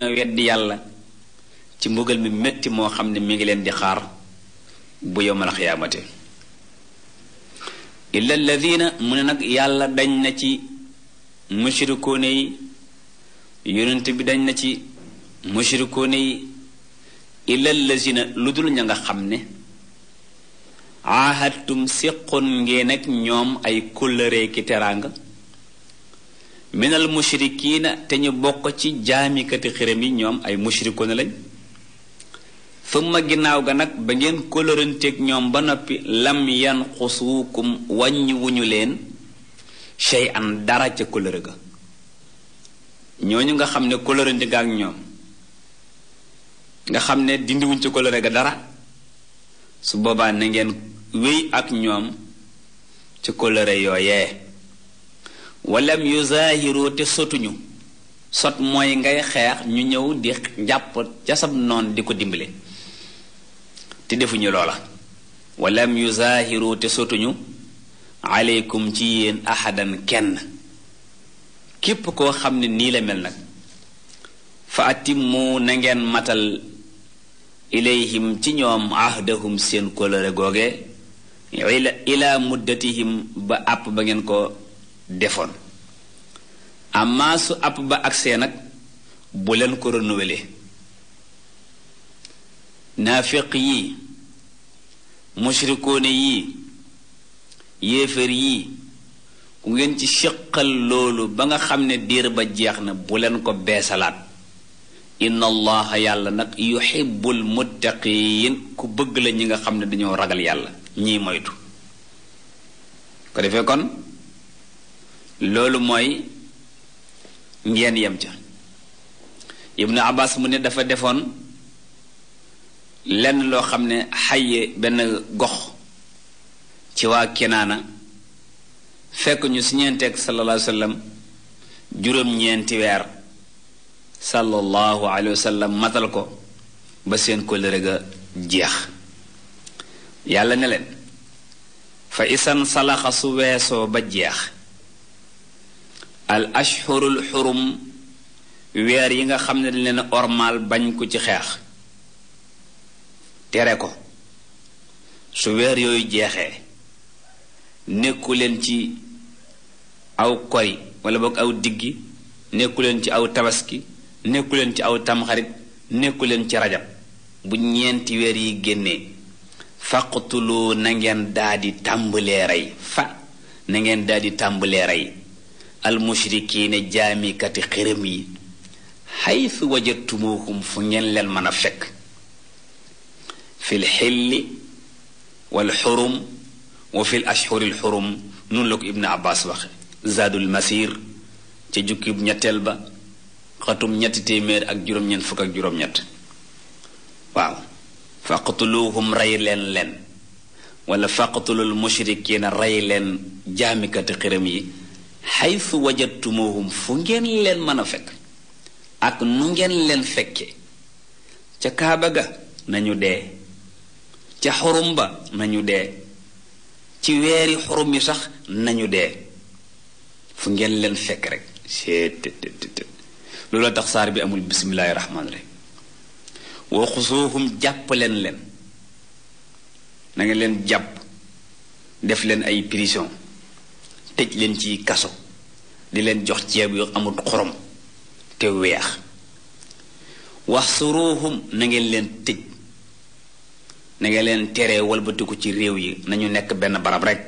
na weddi yàlla ci mbugal mi metti moo xam ne mi ngi leen di xaar bu yowmal xiyaamate illa alladina mu ne nag yàlla dañ na ci mushrikoone yi yonent bi dañ na ci mushrikoone yi illa alladina lu dul ña nga xam ne aahadtum séqoon ngeen ak ñoom ay kóllëre ki minal mushrikiina te ñu bokk ci jaamikati xërëm yi ñoom ay mushrikoona lañ summa ginnaaw ga nag ba ngeen kóllëranteeg ñoom ba noppi lam yanqusuukum wàññi wuñu leen shay an dara ca kóllëre ga ñooñu nga xam ne kóllërante ga ak ñoom nga xam ne dindiwuñ ci kóllëre ga dara su boobaa na ngeen wéy ak ñoom ci kóllëre yooyee walam yu zaahiroo te sotuñu sot mooy ngay xeex ñu ñëw di jàpp ca noon di ko dimbale te defuñu loola walam yu zaahiroo te sotuñu aleykum ci yéen ahadan kenn képp koo xam ne nii la mel nag fa atimmu na matal ilayhim ci ñoom ahdahum seen kóllëre googe ila muddatihim ba àpp ba ngeen ko defoon amma su app ba agsee nag bu leen ko renouveler naafiq yi mushrikoone yi yéeféer yi ku ngeen ci siqal loolu ba nga xam ne diir ba jeex na bu leen ko beesalaat inna yàlla nag yuhibbul muttaqiin ku bëgg la ñi nga xam ne dañoo ragal yàlla ñiy moytu ko defee kon loolu mooy ngeen yem ca ibnu abbas mu ne dafa defoon lenn loo xam ne xaye benn gox ci waa kinaana fekk ñu si ñeenteeg sallallahu alayhi wa juróom-ñeenti weer sallallahu alayhi wa sallam matal ko ba seen kóllëre ga jeex yàlla ne leen fa isan salaxa su weesoo ba jeex al ashhurul xurum weer yi nga xam ne dañ leen ormaal bañ ko ci xeex tere ko su weer yooyu jeexee nekku leen ci aw kori wala boog aw diggi nekku leen ci aw tabaski nekku leen ci aw tamxarit nekku leen ci rajab bu ñeenti weer yi génnee faqtulu na ngeen tàmbalee rey fa na ngeen daal tàmbalee rey almushrikiina jaamikati xërëm yi xaytu wajatumuhum fu ngeen leen mën a fekk fil xilli wal xurum wa fil ashhuril xurum nun la ko ibnu abbas waxe zaadul masir ca jukki ñetteel ba xatum ñetti téeméer ak juróom-ñeent fukk ak juróom-ñett waaw faqtuluhum rey leen leen wala faqtulul mushrikiina rey leen jaamikati xërëm yi xaytu wajadtumuhum fu ngeen leen mën a fekk ak mu ngeen leen fekke ca kaaba ga nañu dee ca xurum ba nañu dee ci weeri xurum yi sax nañu dee fu ngeen leen fekk rek seetetetet tax saar bi amul bismillaahi rahmaani rahim wa xusuuhum jàpp leen leen na ngeen leen jàpp def leen ay prison tëj leen ci kaso di leen jox ceeb yu amul xorom te weex wax suruuhum na ngeen leen tëj na ngeen leen tere walbatiku ci réew yi nañu nekk benn barab rekk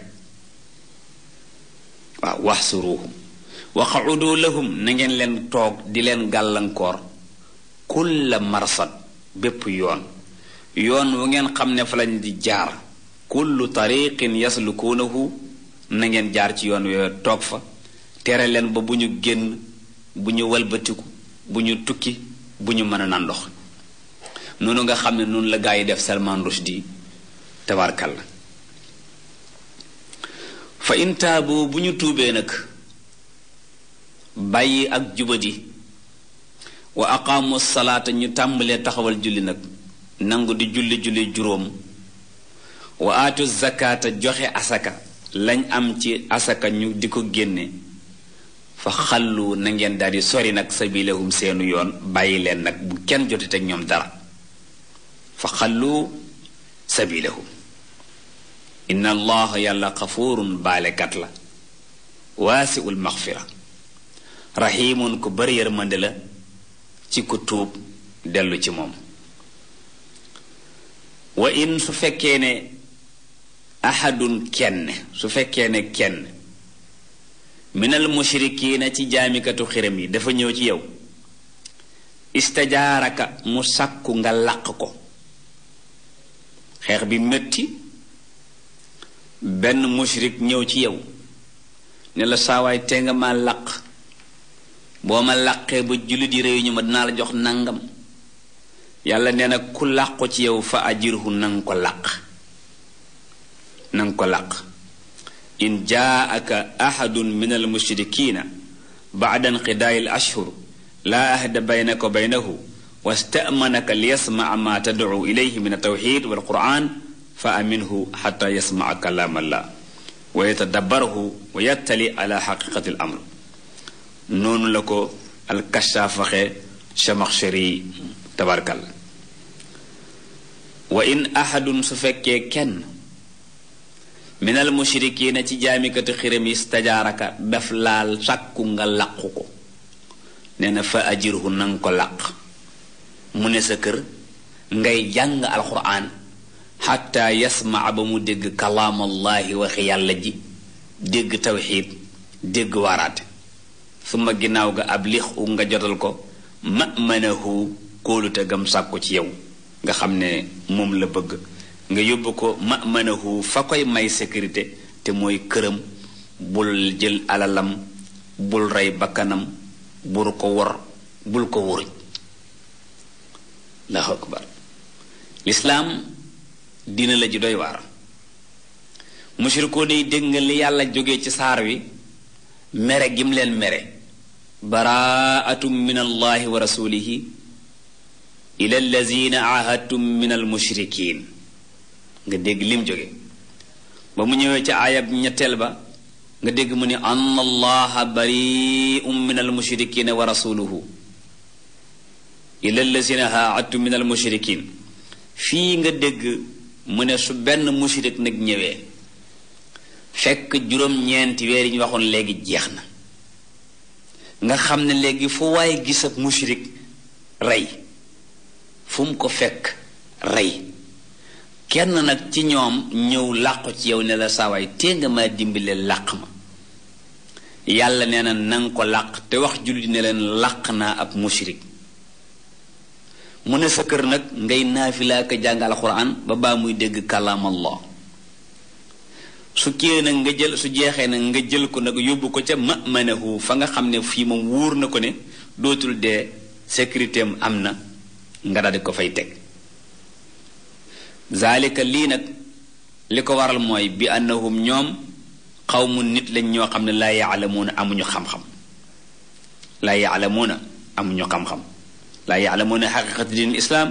waaw wax suruuhum waxudu lahum na ngeen leen toog di leen gàllankoor kulla marsad bépp yoon yoon wu ngeen xam ne fa lañ di jaar kullu tariqin yaslukuunahu nangeen jaar ci yoon yooyu toog fa tere leen ba bu ñu génn bu ñu walbatiku bu ñu tukki bu ñu mën a naan ndox noonu nga xam ne noonu la gaa yi def Salman Rushdi tabarkalla fa in bu ñu tuubee nag bàyyi ak jubadi wa aqaamu salaata ñu tàmbalee taxawal julli nag nangu di julli julli juróom wa aatu zakaata joxe asaka lañ am ci asaka ñu di ko génne fa xallu na daal di sori nag sabilahum seenu yoon bàyyi leen nag bu kenn jotee ak ñoom dara fa xallu sabilahum inna allaha yàlla xafuurun baalekat la waasiul maxfira raxiimun ku bari yërmande la ci ko tuub dellu ci moom wa in su fekkee ne ahadun kenn su fekkee ne kenn minal mushrikiina ci jaamikatu xiram yi dafa ñëw ci yow istajaaraka mu sàkku nga làq ko xeex bi metti benn mushrik ñëw ci yow ne la saawaay te nga ma làq boo ma làqee ba jullit yi réew ma dinaa la jox nangam yàlla nee na ku làqu ci yow fa ajirhu nanga ko làq nanga ko làq in jaaka axadun min al mushrikiina bacda inqidaai l ashhur laa ahda baynaka wa baynahu wastamanaka liyasmaca ma tadcu ilayhi min altawxid wal quraan fa aminhu xata yasmaca kalaam allah wa yatadabarhu wa yattali ala xaqiqati al amr noonu la ko alkashaaf waxe chamaxsheri tabarkal wa in ahadun su fekkee kenn minal mushrikiina ci jaamikati xiram yi stajaaraka daf laal sàkku nga làqu ko nee na fa ajirhu nanga ko làq mu ne sa kër ngay jàng alxuraan xatta yasmaa ba mu dégg kalaamallaahi waxi yàlla ji dégg tawxiid dégg waaraate suma ginnaaw ga ab lix u nga jotal ko ma mënahu kóolute gam sàkku ci yow nga xam ne moom la bëgg nga yóbbu ko mamanahu fa koy may sécurité te mooy këram bul jël alalam bul rey bakkanam bul ko wor bul ko wuruj allahu akbar lislaam diina la ji doy waar mushrikoon yi dégg nga li yàlla jóge ci saar wi mere gim leen mere baraatum min allahi wa rasulihi ila allazina ahadtum min almushrikin nga dégg lim jóge ba mu ñëwee ca aayab ñetteel ba nga dégg mu ni an allaha bariun min almushrikiina wa rasuluhu ila lazina haadtu min almushrikin fii nga dégg mu ne su benn mushrik nag ñëwee fekk juróom-ñeenti weer yi ñu waxoon léegi jeex na nga xam ne léegi fu waaye gis ak mushrik rey fum ko fekk rey kenn nag ci ñoom ñëw làqu ci yow ne la saawaay tee nga ma dimbale làq ma yàlla nee na nanga ko làq te wax jullit ne leen làq naa ab musirik mu ne sa kër nag ngay naafilaa ka jàng alxuraan ba baa muy dégg kalaam allah su kii nag nga jël su jeexee nag nga jël ko nag yóbbu ko ca ma mamanahu fa nga xam ne fii moom wóor na ko ne dootul dee sécurité am na nga daldi ko fay teg zaalika lii nag li ko waral mooy bi annahum ñoom xawmu nit lañ ñoo xam ne laa yaalamuuna amuñu xam-xam laa yaalamuuna amuñu xam-xam laa yaalamuuna xaqiqati din islaam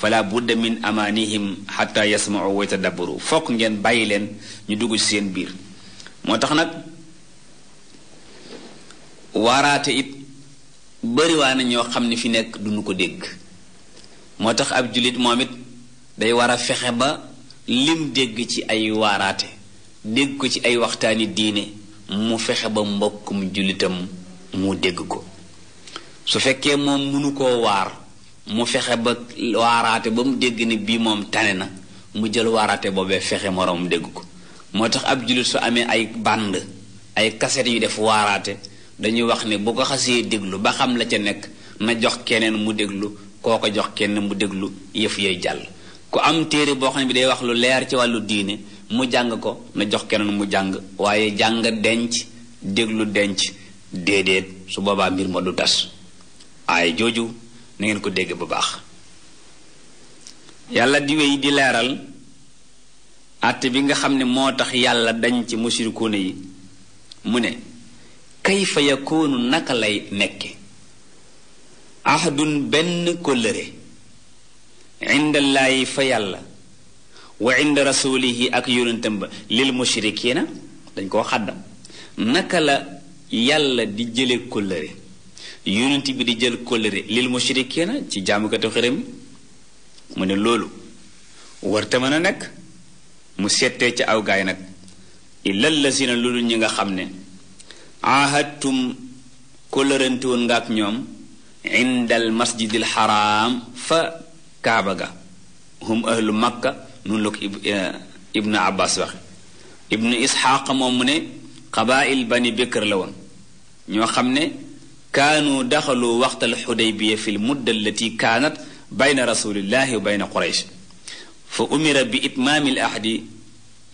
fala budda min amaanihim xata yasmau wa yatadabbaru fokk ngeen bàyyi leen ñu dugg ci seen biir moo tax nag waaraate it bëriwaa na ñoo xam ne fi nekk duñu ko dégg moo tax ab jullit moom it day war a fexe ba lim dégg ci ay waaraate dégg ko ci ay waxtaani diine mu fexe ba mbokkum jullitam mu dégg ko su fekkee moom mënu koo waar mu fexe ba waaraate ba mu dégg ne bii moom tane na mu jël waaraate boobee fexe moroom dégg ko moo tax ab jullit su amee ay bànd ay kaset yu def waaraate dañuy wax ne bu ko xasee déglu ba xam la ca nekk na jox keneen mu déglu koo ko jox keneen mu déglu yëf yooyu jàll ku am téere boo xam ne bi day wax lu leer ci wàllu diine mu jàng ko na jox keneen mu jàng waaye jàng denc déglu denc déedéet su boobaa mbir ma du tas ay jooju na ko dégg bu baax yàlla di wéy di leeral at bi nga xam ne moo tax yàlla dañ ci musirikuuna yi mu ne kayfa yakoonu naka lay nekke ahdun benn kóllëre indallaahi fa yàlla wa inda rasulihi ak yonentam ba lil mushrikina dañ koo xàddam naka la yàlla di jële kóllëre yonent bi di jël kóllëre lil mushrikina ci jaamukatu xërëm mu ne loolu warta mën a nekk mu settee ci aw gaay nag illa lazina loolu ñi nga xam ne ahadtum kóllërante nga ak ñoom indal masjidil xaraam fa kaaba ga hum ahlu makka nun la ko ibnu eh, abbas waxe ibnu isxaaq moom ne qabail bani bikr la woon ñoo xam ne kaanu daxalu waxtal xudaybiya fi l mudda allati kaanat bayna rasulillahi wa bayna quraysh fa umira bi itmaami l ahdi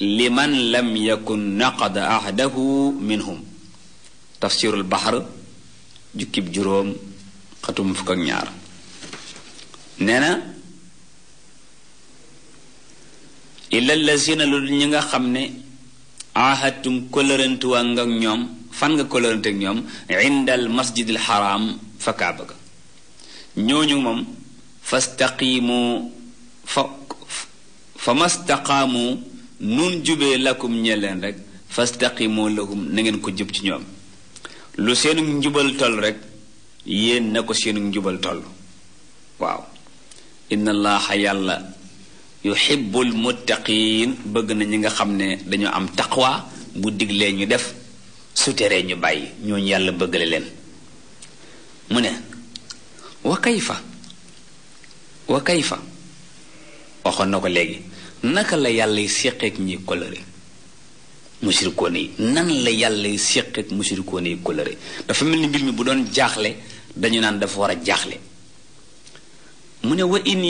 liman lam yakun naqada ahdahu minhum tafsirul baxar jukkib juróom xatum fukk ñaar nee illa lazina lu ñi nga xam ne ahadtum kolorante nga ñoom fan nga kolorante ak ñoom indal masjidil haram fa kaaba ga ñooñu moom fastaqimu fa fa mastaqaamu nun jubee lakum ñe leen rek fastaqimu lahum na ngeen ko jub ci ñoom lu seenu njubal toll rek yéen ne ko seenu njubal toll waaw inna allaha yàlla yuhibbul muttaqiin bëgg na ñi nga xam ne dañu am taqwa bu diglee ñu def su teree ñu bàyyi ñooñu yàlla bëggale leen mu ne wa kayfa wa kayfa waxoon na ko léegi naka la yàlla yi séqeek ñi kolore musirikoon yi nan la yàlla séqeek musirikoon yi kolore dafa mel ni mbir mi bu doon jaaxle dañu naan dafa war a jaaxle mu ne wa in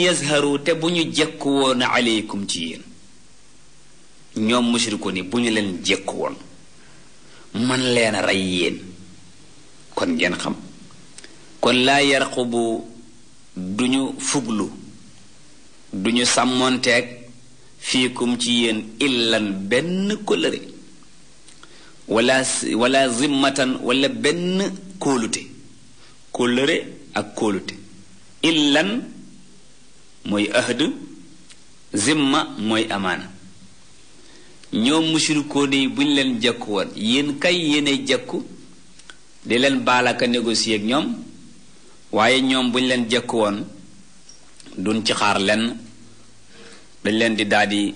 te bu ñu jekku woon aleykum ci yéen ñoom musriku ni bu ñu leen jekku woon man leen rey yéen kon ngeen xam kon laa yarqubu duñu fuglu duñu sàmmonteeg fiikum ci yéen illan benn kóllëre wala wala zimmatan wala benn kóolute kóllëre ak kóolute illan mooy ahd zimma mooy amaana ñoom mushrikoon yi bu ñu leen jàkku woon yéen kay yéene jekku di leen baalaka négocier ak ñoom waaye ñoom bu ñu leen jàkku woon duñ ci xaar lenn dañ leen di daldi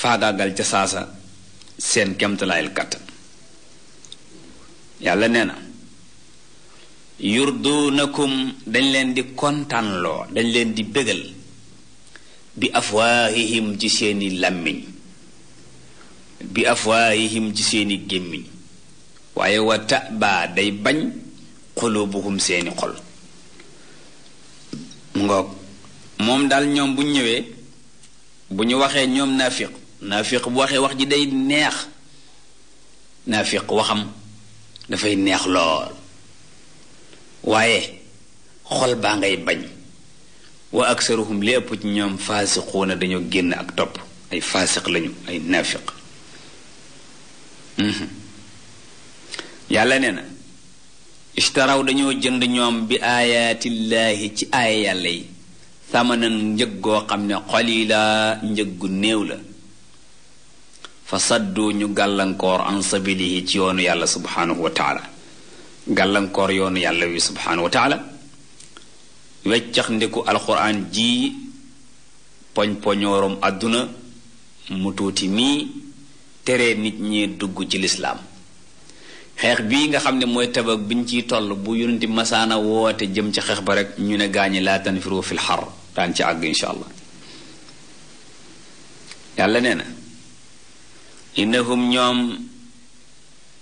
faagaagal ca saasa seen kemtalaayal kàttan yàlla nee na yurduunakum dañ leen di kontaanloo dañ leen di bégal bi afwaahihim ci seeni làmmiñ bi afwaahihim ci seeni gémmiñ waaye wa tabaa day bañ xulubuhum seeni xol ngoog moom daal ñoom bu ñëwee bu ñu waxee ñoom naafiq naafiq bu waxee wax ji day neex naafiq waxam dafay neex lool waaye xol baa ngay bañ wa aksaruhum li ëpp ci ñoom faasiquuna dañoo génn ak topp ay faasiq lañu ay naafiq mhm. yàlla nee na ishtaraw dañoo jënd ñoom bi aayaatillaahi ci aaya yàlla yi samanan njëg goo xam ne xalila njëg gu néew la fa saddu ñu gàllankoor an sabilihi ci yoonu yàlla subhaanahu wa taala gàllankoor yoonu yàlla wi subhaanahu wa taala weccax ndiku alxuraan ji poñ poñoorum àdduna mu tuuti mii tere nit ñi dugg ci lislaam xeex bii nga xam ne mooy tabak biñ ciy toll bu yu yonenti masaana woote jëm ca xeex ba rek ñu ne gaañi laa tanfiru fil xar daan ci àgg insha allah yàlla nee na innahum ñoom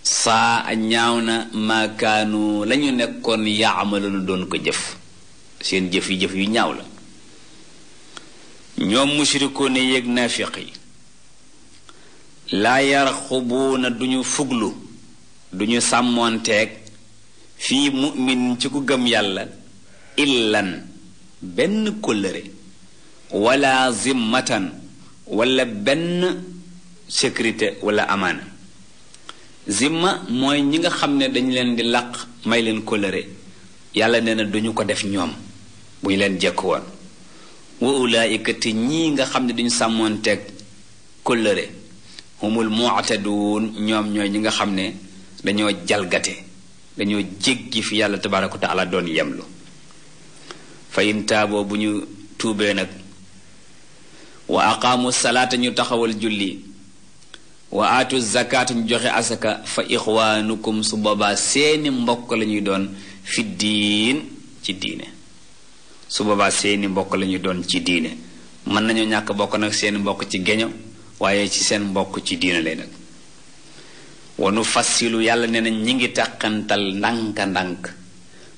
saa ñaaw na maakaanu la ñu nekkoon yaamaloon doon ko jëf seen jëf yi jëf yu ñaaw la ñoom mushrikoon ne yéeg naafiq yi laa yarxubuuna duñu fuglu duñu sàmmoonteeg fii mu'min ci ku gëm yàlla illan benn kóllëre wala zimmatan wala benn sécurité walla amaana zimma mooy ñi nga xam ne dañu leen di làq may leen kóllëre yàlla nee na duñu ko def ñoom bu ñu leen jekk woon wa ulaayika te ñii nga xam ne duñu sàmmoonteeg kóllëre humul mu'taduun ñoom ñooy ñi nga xam ne dañoo jalgate dañoo jéggi fi yàlla tabaaraka wa taala doon yemlu fa in taaboo bu ñu tuubee nag wa aqaamu salaata ñu taxawal julli wa aatu zakaat ñu joxe asaka fa ixwaanukum su boobaa seeni mbokk lañuy doon fi diin ci diine su boobaa seeni mbokk lañuy doon ci diine mën nañu ñàkk bokk nag seeni mbokk ci geño waaye ci seen mbokk ci diine lay nag wanu fassilu yàlla nee na ñi ngi tàqantal ndànk-ndànk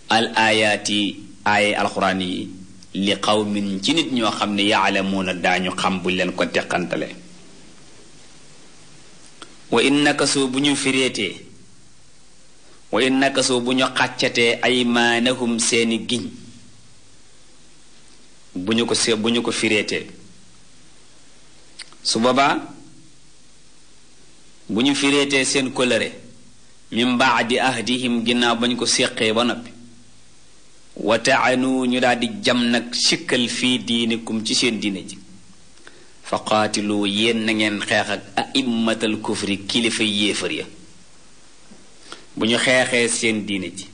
al aayaati aaye alxuraan yi li xawmin ci nit ñoo xam ne yaalamuuna daañu xam buñ leen ko teqantale wa in nakasoo bu ñu fireetee wa in nakasoo bu ñu xàccatee aymaanahum seeni giñ bu ñu ko se bu ko fireetee su boobaa bu ñu fireetee seen kóllëre min di ahdihim ginnaaw ba ñu ko séqee ba noppi wataanu ñu daal di jam nag sikkal fii diinikum ci seen diine ji fa qaatiloo yéen na ngeen xeex ak aimmatal kufri kilifa yéefar ya bu ñu xeexee seen diine ji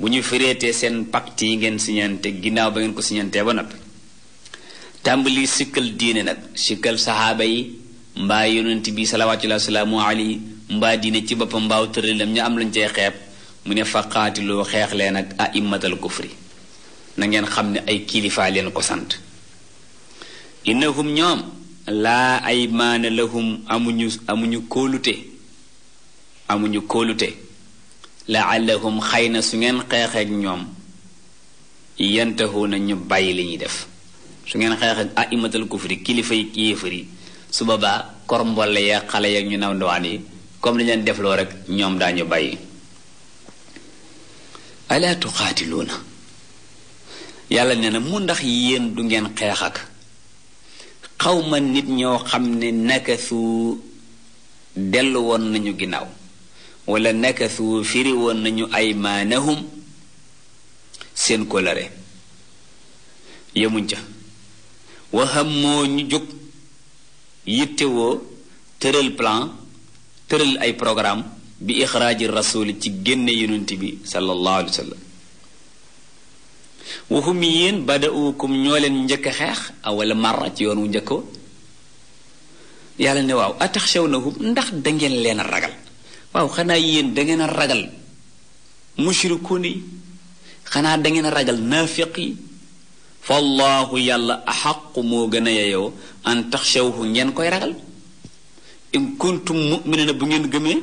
bu ñu fireetee seen pacte yi ngeen siñante ginnaaw ba ngeen ko siñantee ba noppi tàmbali sikkal diine nag sikkal saxaaba yi mbaa yonent bi salawaatullahi wasalaamu alayhi mbaa diine ci boppam mbaaw tëralam ñu am lañ cay xeeb mu ne fa qaatiloo xeex leen ak aimmatal kufri na ngeen xam ne ay kilifaa leen ko sant innahum ñoom laa ay maana lahum amuñu amuñu kóolute amuñu kóolute laallahum xay na su ngeen xeexeek ñoom yantahu na ñu bàyyi li ñuy def su ngeen xeexeek aimatal kufri kilifa yi yéefar yi su boobaa kormbolle ya xale ya ñu naw ndawaan yi comme dañ leen defloo rek ñoom daañu bàyyi ala tuqaatiluuna yàlla nee na mu ndax yéen du ngeen xeex xawma nit ñoo xam ne nakasu dellu woon nañu ginnaaw walla nakasu firi woon nañu aymaanahum seen kóllëre yemuñ ca waxam moo ñu jóg yittewoo tëral plan tëral ay programme bi ixraaji rasul ci génne yonent bi sallallahu alayhi wa waxum yéen badaukum ñoo leen njëkk a xeex awala marra ci yoon wu njëkkoo wa yàlla ne waaw na ataxshawnahum ndax dangeen leen a ragal waaw xanaa yéen dangeen a ragal mushrikuun yi xanaa dangeen a ragal naafiq yi fa allahu yàlla axaqu moo gën a yeyoo an taxshawhu ngeen koy ragal in kuntum muminina bu ngeen gëmee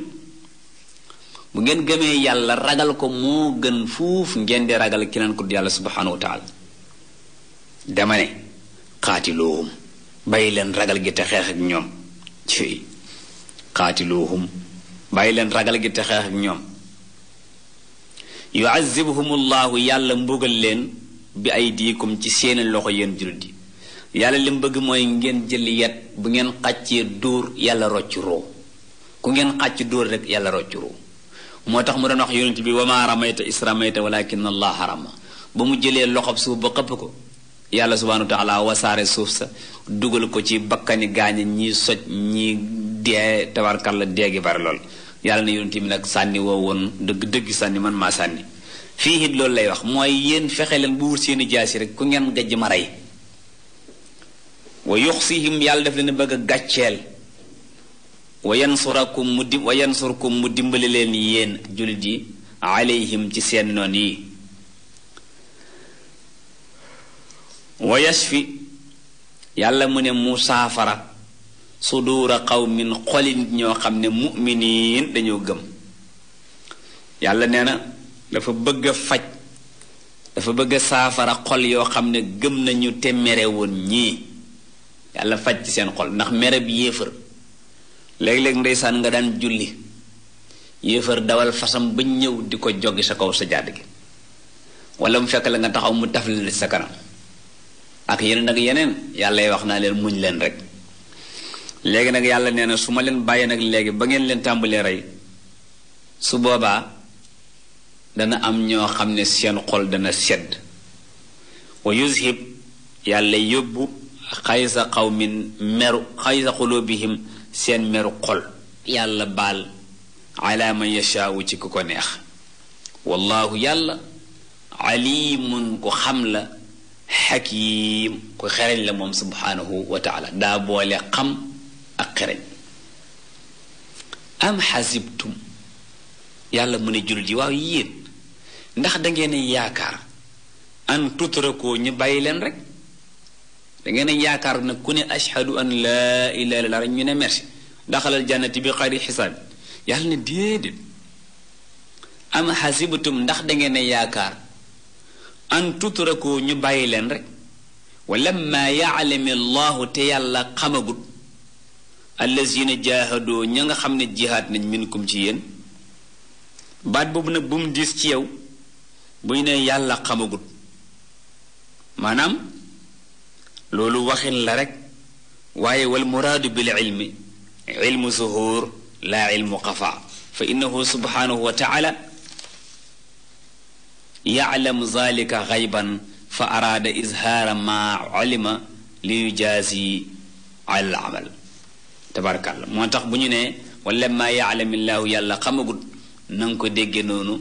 bu ngeen gëmee yàlla ragal ko moo gën fuuf ngeen di ragal keneen ku yàlla subhaanahu wa taala dama ne xaatiluuhum bàyyi leen ragal gi te xeex ak ñoom ci xaatiluuhum leen ragal gi te xeex ak ñoom yuazibuhum allahu yàlla mbugal leen bi ay diikum ci seeni loxo yéen jullit yi yàlla li mu bëgg mooy ngeen jël yet bu ngeen xàccee dóor yàlla rocc roo ku ngeen xàcc dóor rek yàlla rocc roo moo tax mu doon wax yonent bi wa maa ramayta is ramayta walakin allaha rama ba mu jëlee loxob suuf ba xëpp ko yàlla subhanahu wa taala wasaare suuf sa dugal ko ci bakkani gaañe ñi soj ñi dee tabarkalla dee gi bari lool yàlla na yonent bi nag sànni woo woon dëgg dëgg sànni man maa sànni fii it loolu lay wax mooy yéen fexe leen bu wut seeni jaasi rek ku ngeen gajj ma rey wa yuxsihim yàlla def leen bëgg a gàcceel wa yansurakum mu di wa mu dimbali leen yéen jullit yi alayhim ci seen noon yi wayas yashfi yàlla mu ne mu saafara suduura qawmin xoli nit ñoo xam ne mu'miniin dañoo gëm yàlla nee na dafa bëgg faj dafa bëgg saafara xol yoo xam ne gëm nañu te mere woon ñii yàlla faj ci seen xol ndax mere bi yéefar léegi léeg ndeysaan nga daan julli yéefar dawal fasam ba ñëw di ko joggi sa kaw sa jàdd gi wala mu fekk la nga taxaw mu taf la sa kanam ak yeneen ak yeneen yàlla wax naa leen muñ leen rek léegi nag yàlla nee na su ma leen bàyyee nag léegi ba ngeen leen tàmbalee rey su boobaa dana am ñoo xam ne seen xol dana sedd wa yushib yàlla yóbbu xaysa xawmin meru xaysa xulóobihim seen meru xol yàlla baal ala yashaawu ci ko ko neex wallaahu yàlla alimun ku xam la xakiim ku xereñ la moom subhaanahu wa taala daa boole xam ak xereñ am xasibtum yàlla mu ne jullit yi waaw yéen ndax da ngeen yaakaar an tutrakoo ñu bàyyi leen rek da ngeen yaakaar na ku ne ashhadu an laa ilaaha illallaah ñu ne merci daxalal jannati bi xayri xisaab yàlla ne déedéet am xasibtum ndax da yaakaar an tutraku ñu bàyyi leen rek wa lamma yaalami llahu te yàlla xamagut allazina jaahadoo ña nga xam ne jihaad nañ minkum ci yéen baat boobu nag bu diis ci yow buy ne yàlla xamagut maanaam loolu waxin la rek waaye wal muraadu bil ilmi ilmu zuhur laa ilmu xafa fa innahu subhanahu wa taala yaclam zalika xayban fa araada izhaara ma ulima li yujaasi al amal tabarakallah moo tax bu ñu ne wala ma yaalamillaahu yàlla xamagut na nga ko déggee noonu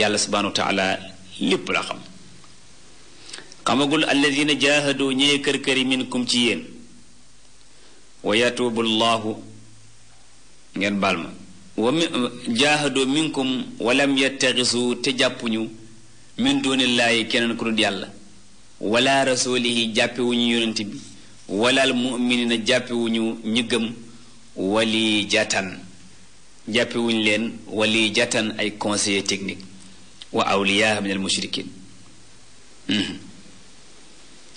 yàlla subhanahu wa taala lépp la xam xamagul alladina jaahadu ñee kër-këri minkum ci yéen wa yatuubu llahu ngeen baal ma wa jaahadu minkum walam yattaxisu te jàppuñu min duunillaahi keneen ku dul yàlla wala rasulihi jàppewuñu yonent bi walal muminina jàppewuñu ñi gëm wali jatan jàppewuñu leen wali jatan ay conseiller technique wa awliyaa min al mushrikin hmm.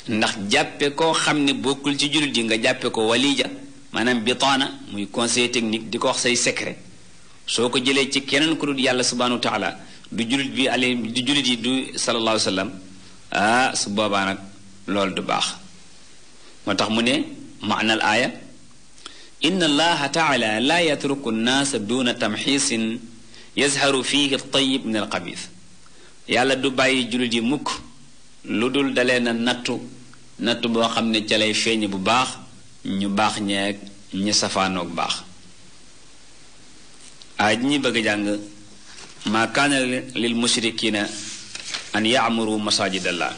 ndax jàppe koo xam ne bokkul ci jullit yi nga jàppe ko walija maanaam bitaana muy conseil technique di ko wax say secret soo ko jëlee ci keneen ku dul yàlla subhanahu wa du jullit bi ale du jullit yi du sallallahu alayhi wa sallam ah su boobaa nag loolu du baax moo tax mu ne maanaal aaya inna allaha taala laa yatruku nnaasa duuna tamxiisin yazharu fiihi altayib min alxabis yàlla du bàyyi jullit yi mukk lu dul dalee na nattu nattu boo xam ne ca lay feeñ bu baax ñu baax ñeeg ñi safaanoog baax aaj ñi bëgg jàng maa kaana lil mushrikina an yaamuru masajidallah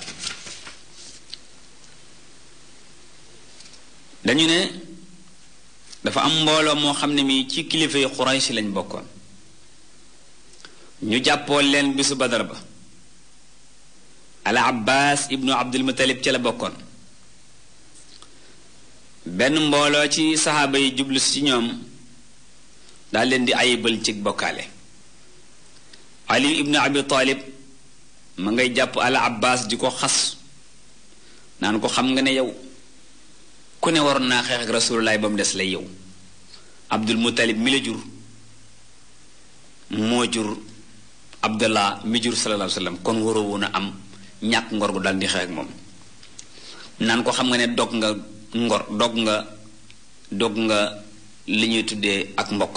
dañu ne dafa am mbooloo moo xam ne mii ci kilifayu yi Quraysh lañ bokkoon ñu jàppoo leen bisu Badar ba al abbas ibnu abdul muttalib ca la bokkoon benn mbooloo ci saxaaba yi jublu ci ñoom daal leen di ayibal ci bokkaale ali ibnu abi taalib mu ngay jàpp al abbas di ko xas naan ko xam nga ne yow ku ne waroon naa xeex ak ba mu des lay yow abdul muttalib mi la jur moo jur abdullah mi jur sallallahu alayhi kon waroo woon a am ñàkk ngor gu dal di xew moom naan ko xam nga ne dog nga ngor dog nga dog nga li ñuy tuddee ak mbokk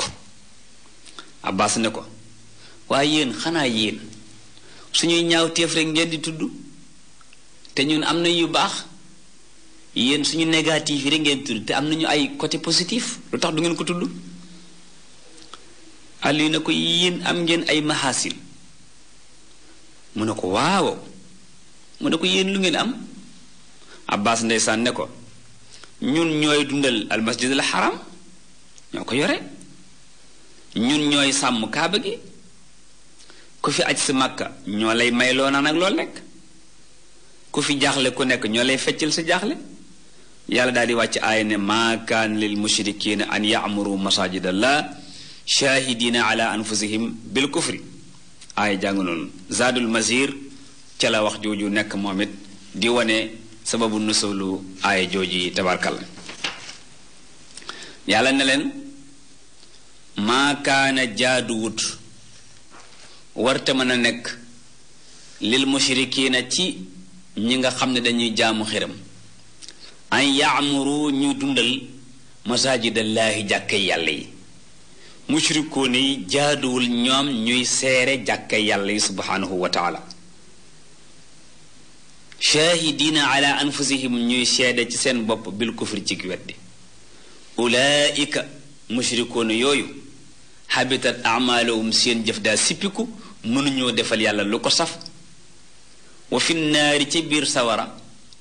Abbas ne ko waaye yéen xanaa yéen suñuy ñaaw téef rek ngeen di tudd te ñun am na yu baax yéen suñu négatif rek ngeen tudd am nañu ay côté positif lu tax du ngeen ko tudd Aliou ne ko yéen am ngeen ay maxaasin mu ne ko waaw mu ne ko yéen lu ngeen am abbas ndeysaan ne ko ñun ñooy dundal almasjid al haram ñoo ko yore ñun ñooy sàmm kaaba gi ku fi aj si màkka ñoo lay may loo naan ak loo lekk ku fi jaaxle ku nekk ñoo lay feccal sa jaaxle yàlla daal di wàcc aaya ne maa kaan lil mushrikiina an yaamuru masajidallah shahidina ala anfusihim bil kufri aaya jàng noonu zaadul masir ca la wax jooju nekk moom it di wone sababu nusulu aaya jooji tabarkal yàlla na leen maa kaana jaaduwut warta mën a nekk lil mushrikiina ci ñi nga xam ne dañuy jaamu xiram an yaamuru ñu dundal masaajidallaahi jàkke yàlla yi mushrikoon yi jaaduwul ñoom ñuy seere jàkke yàlla yi subhaanahu wa taala shaahidina ala anfusihim ñuy seede ci seen bopp bil kufri ci weddi ulaika mushrikoona yooyu habitat amaalahum seen jëf daa sippiku mënuñoo defal yàlla lu ko saf wa fi naari ci biir sawara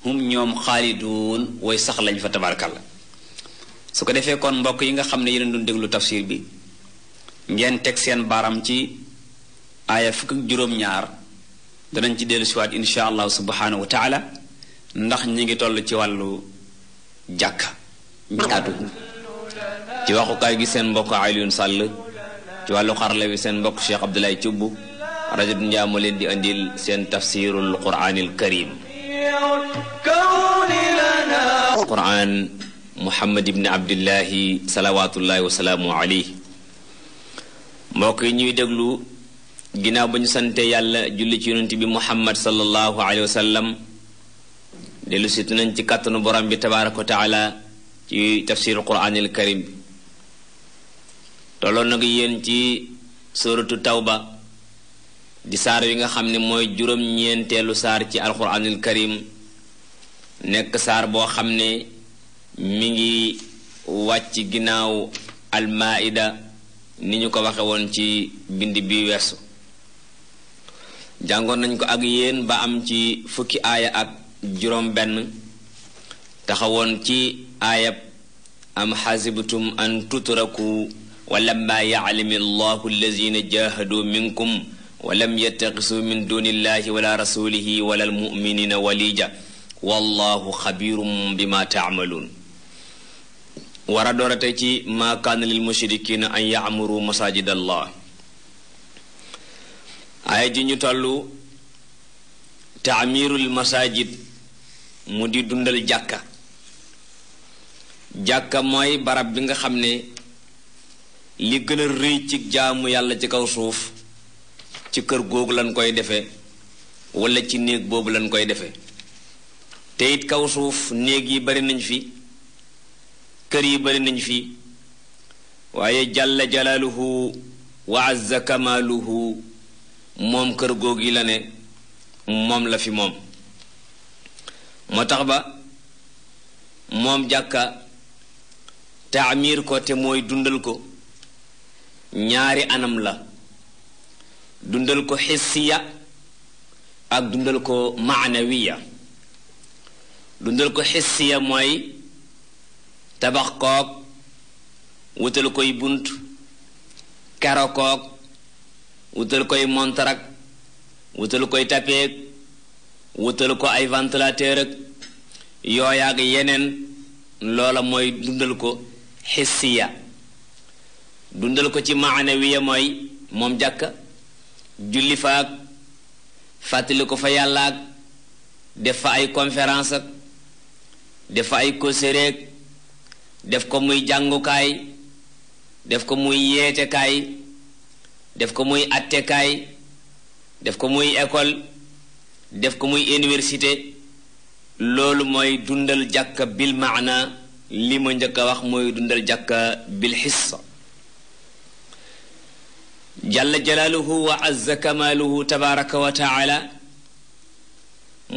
hum ñoom xaalidoon way sax lañu fa tabarkalla su ko defee koon mbokk yi nga xam ne yéen doon déglu tafsir bi ngeen teg seen baram ci aaya fukk juróom-ñaar danañ ci dellu siwaat insha allahu subhanahu wa taala ndax ñi ngi toll ci wàllu jàkk ñaatu ci waxukaay gi seen mbokk Alioune Sall ci wàllu xarle bi seen mbokk Cheikh Abdoulaye Thioub rajo bi Ndiaye moo leen di andil seen tafsirul quraanil karim quraan Muhammad ibn Abdillahi salawaatullahi wa salaamu alayhi mbokk yi ñuy déglu ginnaaw ba ñu santee yàlla julli ci yonent bi muhammad sallallahu alayhi wa sallam dellu si nañ ci kàttanu borom bi tabaaraka wa taala ci tafsiru quraanil karim bi nag yéen ci suratu tawba di saar wi nga xam ne mooy juróom-ñeenteelu saar ci alquraanil karim nekk saar boo xam ne mi ngi wàcc ginnaaw almaida ni ñu ko waxe woon ci bind bi weesu jàngoon nañ ko ak yéen ba am ci fukki aaya ak juróom benn taxawoon ci ayab am xasibtum an tutraku wa lamma yaclami allahu allazina jahadu minkum wa lam yattaxisu min duni illahi wala rasulihi bima taamaluun war a ci maa kaana lil mushrikina an yacmuru masajid allah aaya ji ñu tollu taamirul masajid mu di dundal jàkka jàkka mooy barab bi nga xam ne li gën a rëy ci jaamu yàlla ci kaw suuf ci kër googu lañ koy defe wala ci néeg boobu lañ koy defe te it kaw suuf néeg yi bari nañ fi kër yi bari nañ fi waaye jalla jalaaluhu wa azza kamaaluhu moom kër googi la ne moom la fi moom moo tax ba moom jàkka taamir ko te mooy dundal ko ñaari anam la dundal ko xissiya ak dundal ko maanawiya dundal ko xissiya mooy tabax koog wutal koy bunt karo wutal koy montar wutal koy tapeeg wutal ko ay ventilateur ak yooya yeneen loola mooy dundal ko xissiya dundal ko ci maanawiya mooy moom jàkka julli fa fàttali ko fa yàlla def fa ay conférence ak def fa ay kosereeg def ko muy jàngukaay def ko muy yeetekaay def ko muy attekaay def ko muy école def ko muy université loolu mooy dundal jàkka bil maana li ma njëkk a wax mooy dundal jàkka bil xissa jalla jalaaluhu wa azza kamaaluhu tabaraka wa taala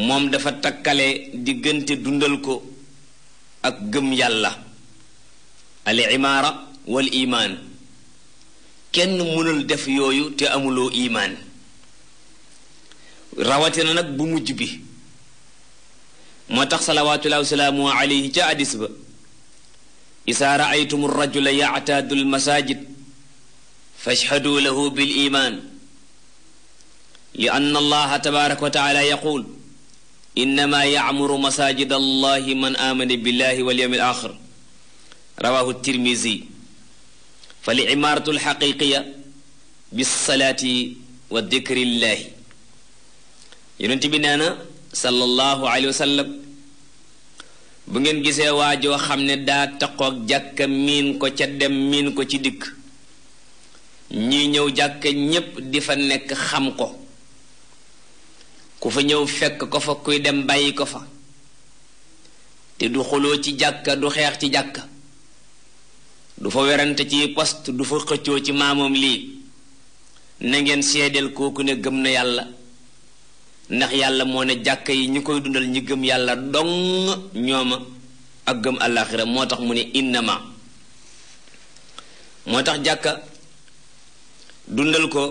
moom dafa takkale diggante dundal ko ak gëm yàlla al imaara imaan kenn mënul def yooyu te amuloo imaan rawatina nag bu mujj bi moo tax salawaatullahi wasalaamu alayhi ca hadis ba isaa raaytum rajula yaataadu almasaajid fashhadu lahu bil imaan li ann allaha tabaraka wa taala yaquul innama yacmuru masaajid allahi man aamana billahi wal yawmi al axir rawahu tirmisi fa li imaaratu alxaqiqiya bi salaati wa dikrillaahi yonent bi nee na sallallahu alayhi wa sallam bu ngeen gisee waajoo xam ne daa taqoog jàkka miin ko ca dem miin ko ci dikk ñii ñëw jàkka ñépp di fa nekk xam ko ku fa ñëw fekk ko fa kuy dem bàyyi ko fa te du xuloo ci jàkka du xeex ci jàkka du fa werante ci poste du fa xëccoo ci maamoom lii na ngeen seedeel kooku ne gëm na yàlla ndax yàlla moo ne jàkka yi ñu koy dundal ñi gëm yàlla dong ñooma ak gëm àllaaxira moo tax mu ne innama moo tax jàkka dundal ko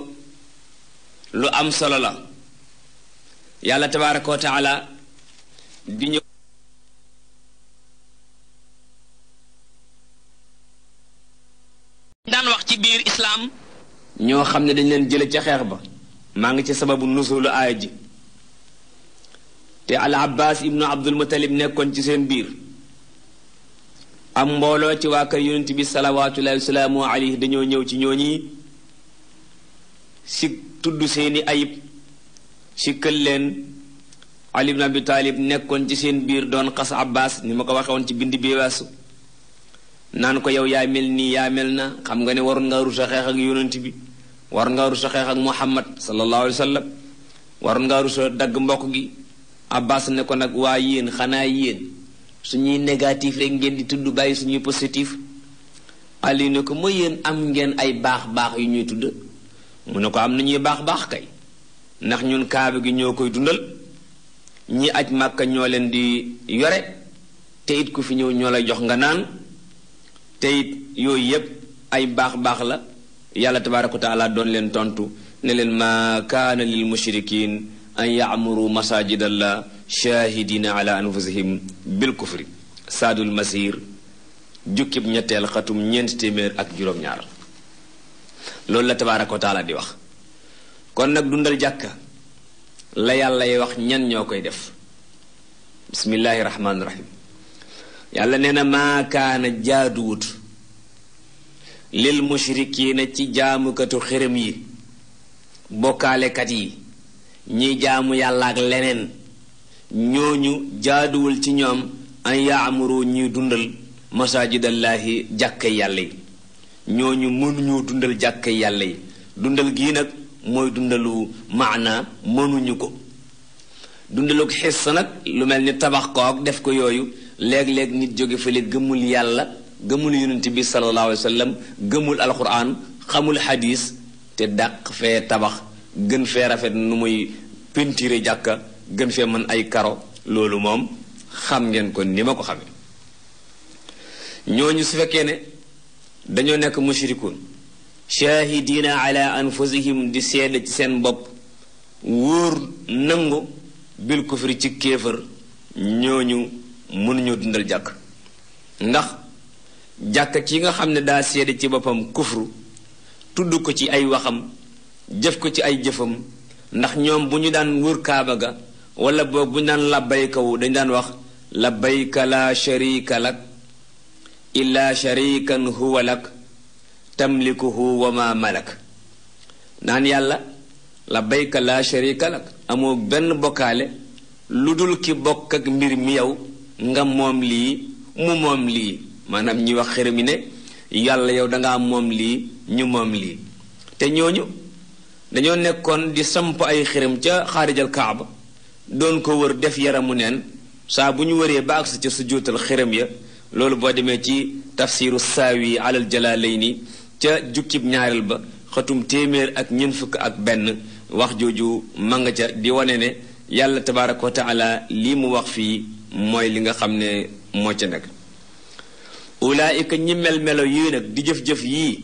lu am solo la yàlla tabaaraka wa di ñëw daan ci biir islaam ñoo xam ne dañ leen jële ca xeex ba maa ngi ci sababu nusulu aaya ji te al abbas ibnu abdul mutalib nekkoon ci seen biir am mbooloo ci waa kër yonent bi salawaatullahi wa salaamu alayhi dañoo ñëw ci ñoo ñi si tudd seeni ayib sikkal leen ali ibn abi taalib nekkoon ci seen biir doon xas abbas ni ma ko waxewoon ci bind bi weesu naan ko yow yaa mel nii yaa mel na xam nga ne waroon ngaa rus a xeex ak yonent bi waroon nga rus a xeex ak muhammad sallallahu alayhi wa sallam waroon ngaa rus a dagg mbokk gi abbas ne ko nag waaye yéen xanaa yéen suñuy négatif rek ngeen di tudd bàyyi suñuy positif ali ne ko ma yeen am ngeen ay baax-baax yu ñuy tudd mu ne ko am na ñuy baax-baax kay ndax ñun kaaba gi ñoo koy dundal ñii aj màkka ñoo leen di yore te it ku fi ñëw ñoo lay jox nga naan te yooyu yépp ay baax baax la yàlla tabaaraka wa taala doon leen tontu ne leen maa kaana lil mushrikin an yaamuru masajidallah shahidina ala anfusihim bil kufri saadul masir jukkib ñetteel xatum ñeenti téeméer ak juróom-ñaar loolu la tabaaraka wa taala di wax kon nag dundal jàkka la yàlla yi wax ñan ñoo koy def bismillahi rahmaani yàlla nee na maakaana jaaduwut lil mushrikiina ci jaamukatu xërëm yi bokkaalekat yi ñiy jaamu yàlla ak leneen ñooñu jaaduwul ci ñoom an yaamuru ñuy dundal masaajidallaahi jàkkay yàlla yi ñooñu mënuñoo dundal jàkkay yàlla yi dundal gii nag mooy dundalu maana mënuñu ko dundaluk xis nag lu mel ni tabax ko ak def ko yooyu léeg-léeg nit jóge fële gëmul yàlla gëmul yonent bi sallallahu alayhi wa sallam gëmul alquran xamul xadis te dàq fee tabax gën fee rafet nu muy pentiire jàkka gën fee mën ay karo loolu moom xam ngeen ko ni ma ko xamee ñooñu su fekkee ne dañoo nekk mushrikuun shahidina ala anfusihim di seede ci seen bopp wóor nangu bil kufri ci kéefër ñooñu mënuñoo dundal jàkk ndax jàkk ci nga xam ne daa seede ci boppam kufru tudd ko ci ay waxam jëf ko ci ay jëfam ndax ñoom bu ñu daan wër kaaba ga walla boog bu ñu daan labbayka wu dañu daan wax labbayka laa sharika lak illaa sharikan huwa lak tamlikuhu wa ma malak naan yàlla labbayka laa sharika lak amoo benn bokkaale lu dul ki bokk ak mbir mi yow nga moom lii mu moom lii maanaam ñi wax xërëm yi ne yàlla yow dangaa moom lii ñu moom lii te ñooñu dañoo nekkoon di samp ay xërëm ca xaarijal kaaba doon ko wër def yaramu neen saa bu ñu wëree ba agsi ca sujjóotal xërëm ya loolu boo demee ci tafsiru saawi alal nii ca jukkib ñaareel ba xatum téeméer ak ñeent fukk ak benn wax jooju ma nga ca di wane ne yàlla tabaaraka wa taala lii mu wax fii mooy li nga xam ne moo ci nekk ulaayika ñi mel melo yii nag di jëf-jëf yii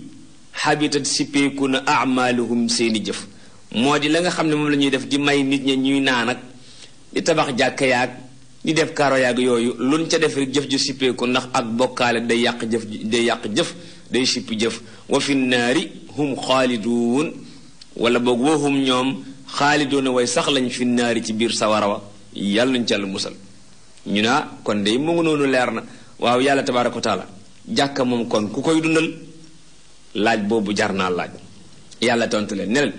xabitat sippeeku na amaaluhum seeni jëf moo di la nga xam ne moom la ñuy def di may nit ña ñuy naan ak di tabax jàkka yaag di def kaaro yaag yooyu luñ ca def jëf ju sippeeku ndax ak bokkaale day yàq jëf day yàq jëf day sippi jëf wa fi naari hum xaaliduun wala boog wahum ñoom xaaliduuna way sax lañu fi naari ci biir sawara wa yàlla nañ ca musal ñu naa ah, kon de mu ngi noonu leer na waaw yàlla tabaaraka wa taala jàkka moom kon ku koy dundal laaj boobu jar naa laaj yàlla tontu leen ne leen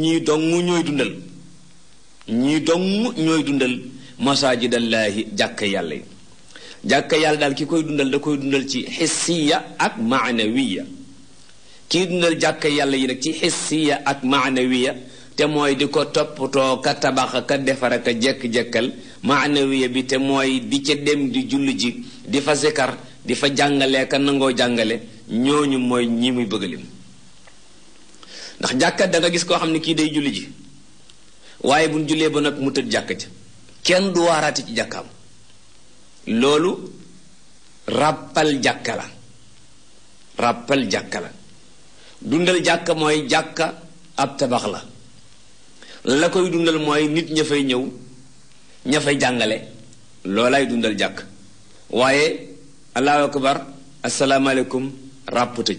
ñii dong ñooy dundal ñii dong ñooy dundal masajidallaahi jàkka yàlla yi jàkka yàlla daal ki koy dundal da koy dundal ci xissiya ak maanawiya kii dundal jàkka yàlla yi nag ci xissiya ak maanawiya te mooy di ko toppatoo ka tabax ka defar ka jekk-jekkal maanawiya bi te mooy di ca di julli ji di fa sikar di fa jàngale ka nangoo jàngale ñooñu mooy ñi muy bëgg lim ndax jàkkat da gis koo xam ne kii day julli ji waaye bu jullee ba nag mu tëdd jàkk ji kenn du waaraati ci jàkkaam loolu ràppal jàkka la ràppal jàkka la dundal jàkka mooy jàkka ab tabax la la koy dundal mooy nit ña fay ñëw ña fay jàngale loolaay dundal jàkk waaye allahu akbar asalaamaaleykum ràpp tëj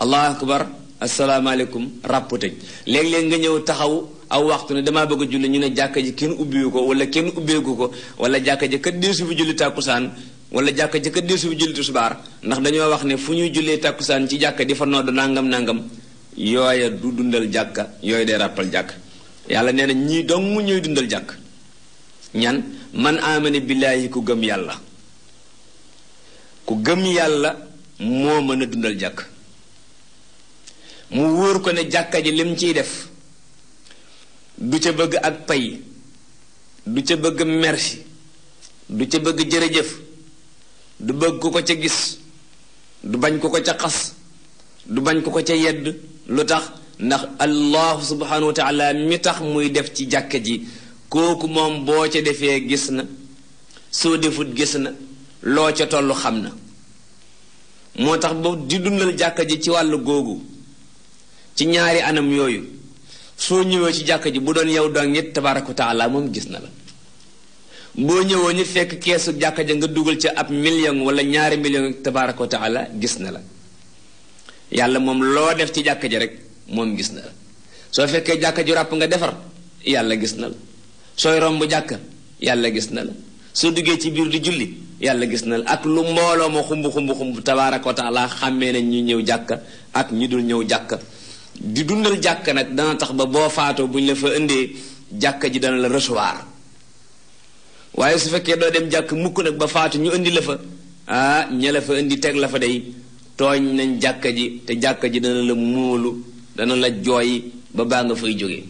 allahu akbar asalaamaaleykum ràpp tëj léeg leen nga ñëw taxaw aw waxtu ne damaa bëgg a julli ñu ne jàkka ji kenn ubbiwu ko wala kenn ubbeeku ko wala jàkka ji kat deesu fi julli tàkkusaan wala jàkka ji kat deesu fi julli tisbaar ndax dañoo wax ne fu ñuy jullee tàkkusaan ci jàkka di fa nodd nangam nangam yooya du dundal jàkka yooyu day ràppal jàkka yàlla nee na ñii dong ñooy dundal jàkk ñan man amana billaahi ku gëm yàlla ku gëm yàlla moo mën a dundal jàkk mu wóor ko ne jàkka ji lim ciy def du ca bëgg ak pay du ca bëgg merci du ca bëgg jërëjëf du bëgg ku ko ca gis du bañ ku ko ca xas du bañ ku ko ca yedd lu tax ndax allahu subhanahu wa mi tax muy def ci jàkk ji kooku moom boo ca defee gis na soo defut gis na loo ca tollu xam na moo tax ba di dundal jàkka ji ci wàll googu ci ñaari anam yooyu soo ñëwee ci jàkk ji bu doon yow dong it tabaaraka wa moom gis na la boo ñëwoo ñu fekk keesu jàkk ja nga dugal ca ab million wala ñaari million tabaaraka wa gis na la yàlla moom loo def ci jàkk ji rek moom gis na la soo fekkee jàkka ju ràpp nga defar yàlla gis na la sooy romb jàkka yàlla gis na la soo duggee ci biir di julli yàlla gis na la ak lu mbooloo ma xumb xumb xumb tabaaraka wa taala xàmmee nañ ñuy ñëw jàkka ak ñu dul ñëw jàkka di dundal jàkka nag dana tax ba boo faatoo bu ñu la fa indee jàkka ji dana la recevoir waaye su fekkee doo dem jàkk mukk nag ba faatu ñu indi la fa ah ña la fa indi teg la fa day tooñ nañ jàkka ji te jàkka ji dana la dana la jooy ba baa nga fay jóge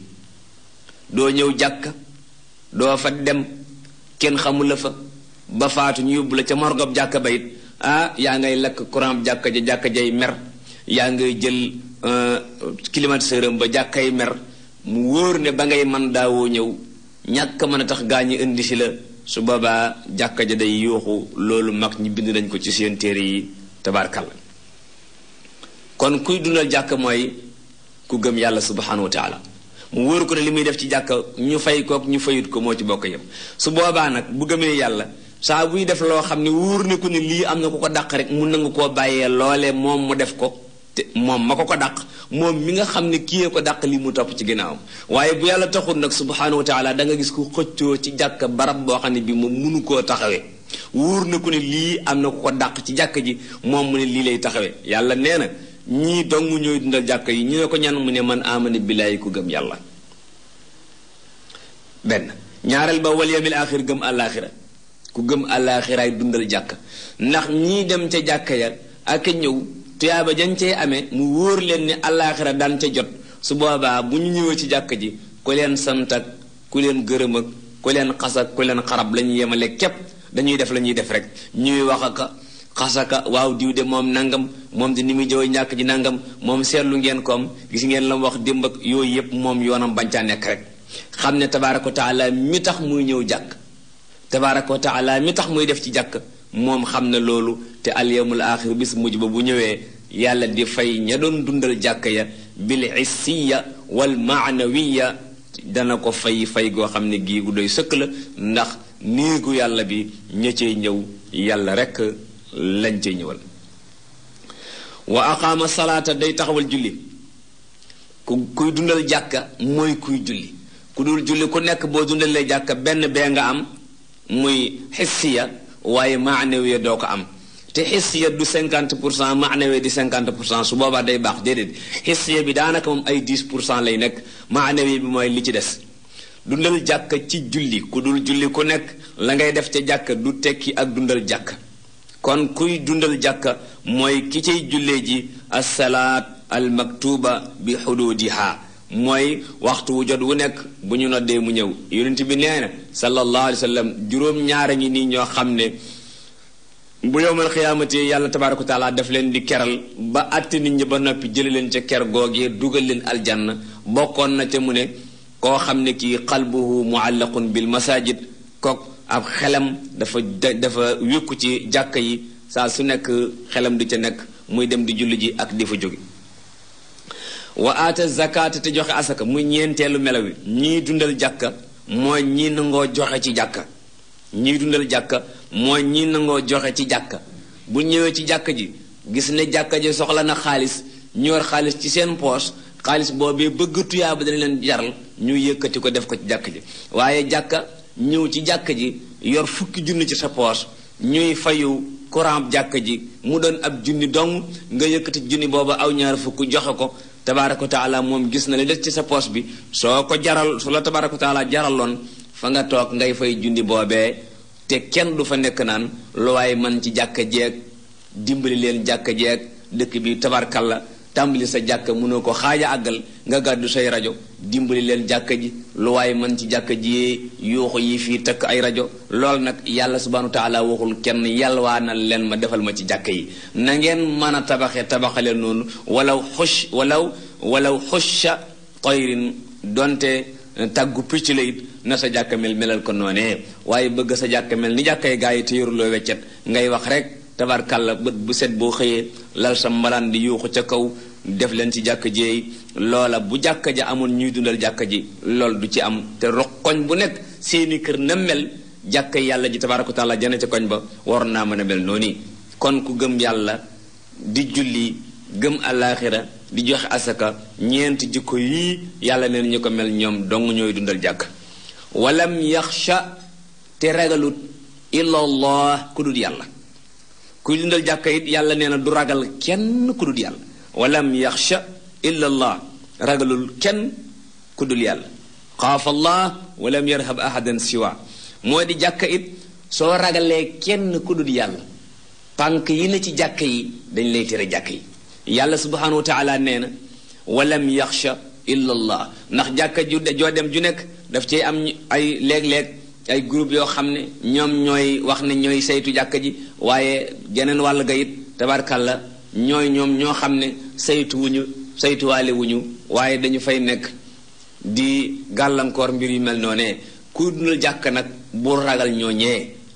doo ñëw jàkk doo fa dem kenn xamul la fa ba faatu ñu yóbbu la ca morgob jàkka ba it ah, yaa ngay lakk courant bi jàkka ja jàkka jay mer yaa ngay jël euh, climatiseur am ba jàkkay mer mu wóor ne ba ngay man daawoo ñëw ñàkk mën a tax gaa indi si su boobaa jàkka ja day yooxu loolu mag ñi bind nañ ko ci seen téere yi tabaarkàlla kon kuy dundal jàkk mooy ku gëm yàlla subhanahu wa taala mu wóor ko ne li muy def ci jàkk ñu fay kook ñu fayut ko moo ci bokk yëpp su boobaa nag bu gëmee yàlla saa buy def loo xam ne wóor na ko ne lii am na ku ko dàq rek mu nangu koo bàyyee loolee moom mu def ko te moom ma ko ko dàq moom mi nga xam ne kii ko dàq li mu topp ci ginnaawam waaye yàlla taxul nag subhanahu wa taala da nga gis ku xëccoo ci jàkka barab boo xam ne bi moom mënu koo taxawee wóor na ko ne lii am na ku ko dàq ci jàkk ji moom mu ne lii lay taxawee yàlla nee na ñii dong ñooy dundal jàkk yi ñu ne ko ñan mu ne man amana billaahi ku gëm yàlla benn ñaareel ba wal yamil axir gëm àllaaxira ku gëm àllaaxiraay dundal jàkka ndax ñii dem ca jàkk ya ak ñëw tuyaaba jan cee amee mu wóor leen ni àllaaxira daan ca jot su boobaa bu ñu ñëwee ci jàkk ji ku leen sant ku leen gërëm ak ku leen xas ak ku leen xarab la ñuy yemale képp dañuy def la ñuy def rek ñuy wax xasaka waaw diw de moom nangam moom di ni muy jëw ñàkk ji nangam moom seetlu ngeen koom gis ngeen la mu wax démb yooyu yépp moom yoonam bañ caa nekk rek xam ne tabaaraka wa taala mi tax muy ñëw jàkk tabaaraka wa taala muy def ci jàkk moom xam na loolu te alyawmul aaxir bis mujj ba bu ñëwee yàlla di fay ña doon dundal jàkk ya bil issiya wal maanawiya dana ko fay fay goo xam ne gii gu doy sëkk la ndax néegu yàlla bi ña cay ñëw yàlla rek lañ cay ñëwal wa salaata day taxawal julli ku kuy dundal jàkka mooy kuy julli ku dul julli ku nekk boo dundalee jàkka benn bee nga am muy xissiya waaye maanawiya doo ko am te xissiya du cinquante pour cent maanawiya di cinquante pour cent su boobaa day baax déedéet xissiya bi daanaka moom ay diis pour cent lay nekk maanawiya bi mooy li ci des dundal jàkka ci julli ku dul julli ku nekk la ngay def ca jàkka du tekki ak dundal jàkka kon kuy dundal jàkka mooy ki cay jullee ji assalaat almaktuba bi xuduudiha mooy waxtu wu jot wu nekk bu ñu noddee mu ñëw yonent bi nee na sallallahu alayhi wa sallam juróom-ñaara ngi nii ñoo xam ne bu yowmal xiyaamati yàlla tabaaraka wa taala def leen di keral ba àtt nit ñi ba noppi jële leen ca ker googee dugal leen aljanna bokkoon na ca mu ne koo xam ne kii qalbuhu muallaqun bil masajid kook ab xelam dafa dafa wékku ci jàkka yi saa su nekk xelam di ca nekk muy dem di julli ji ak di fa jóge wa aata zakaata te joxe asaka muy ñeenteelu melaw wi ñii dundal jàkka mooy ñii nangoo joxe ci jàkka ñii dundal jàkka mooy ñii nangoo joxe ci jàkka bu ñëwee ci jàkka ji gis ne jàkka soxla na xaalis ñu war xaalis ci seen poche xaalis boobee bëgg tuyaa ba dana leen jaral ñu yëkkati ko def ko ci jàkka ji waaye jàkka ñëw ci jàkk ji yor fukki junni ci sa poos ñuy fayu courant jàkk ji mu doon ab junni dong nga yëkkati junni booba aw ñaar fukk joxe ko tabaaraka taala moom gis na li des ci sa poos bi soo ko jaral su la tabaaraka taala jaraloon fa nga toog ngay fay junni boobee te kenn du fa nekk naan lu waaye man ci jàkk jeeg dimbali leen jàkk jeeg dëkk bi tabarkal la tàmbali sa jàkk mënoo ko xaaja àggal nga gàddu say rajo dimbali leen jàkka ji lu waaye mën ci jàkka ji yuuxu yi fii takk ay rajo lool nag yàlla subhanahu wa taala waxul kenn yàlla waa yalwaanal leen ma defal ma ci jàkka yi na ngeen mën a tabaxe tabaxale noonu walaw xush walaw walaw xusha tayrin donte tàggu picc la it na sa jàkka mel melal ko noonee waaye bëgg sa jàkka mel ni jàkkay gaa yi te yoruloo weccet ngay wax rek tabarkàlla bët bu set boo xëyee lal sa mbalaan di yuuxu ca kaw def leen ci jàkk jeey loola bu jàkk ja amoon ñuy dundal jàkk ji lool du ci am te koñ bu nekk seeni kër na mel jàkka yàlla ji tabaaraka taala jane ca koñ ba war naa mën a mel noonu kon ku gëm yàlla di julli gëm alaaxira di joxe asaka ñeent jikko yii yàlla ne ñu ko mel ñoom dong ñooy dundal jàkk walam yaxsha te ragalut illallah ku dul yàlla kuy dundal jàkka it yàlla nee na du ragal kenn ku yàlla walam yaxsha illa allah ragalul kenn ku dul yàlla xaafa walam yarhab ahadan siwa moo di jàkka it soo ragalee kenn ku dul yàlla pànk yi na ci jàkka yi dañ lay tere jàkka yi yàlla subhanahu wa taala nee na walam yaxsha illa allah ndax jàkka ju joo dem ju nekk daf cay am ay léeg-léeg ay groupe yoo xam ne ñoom ñooy wax ne ñooy saytu jàkka ji waaye geneen wàll ga it tabarkàlla ñooy ñoom ñoo xam ne saytu wuñu saytuwaale wuñu waaye dañu fay nekk di gàllankoor mbir yu mel noonee ku dul jàkk nag bu ragal ñoo da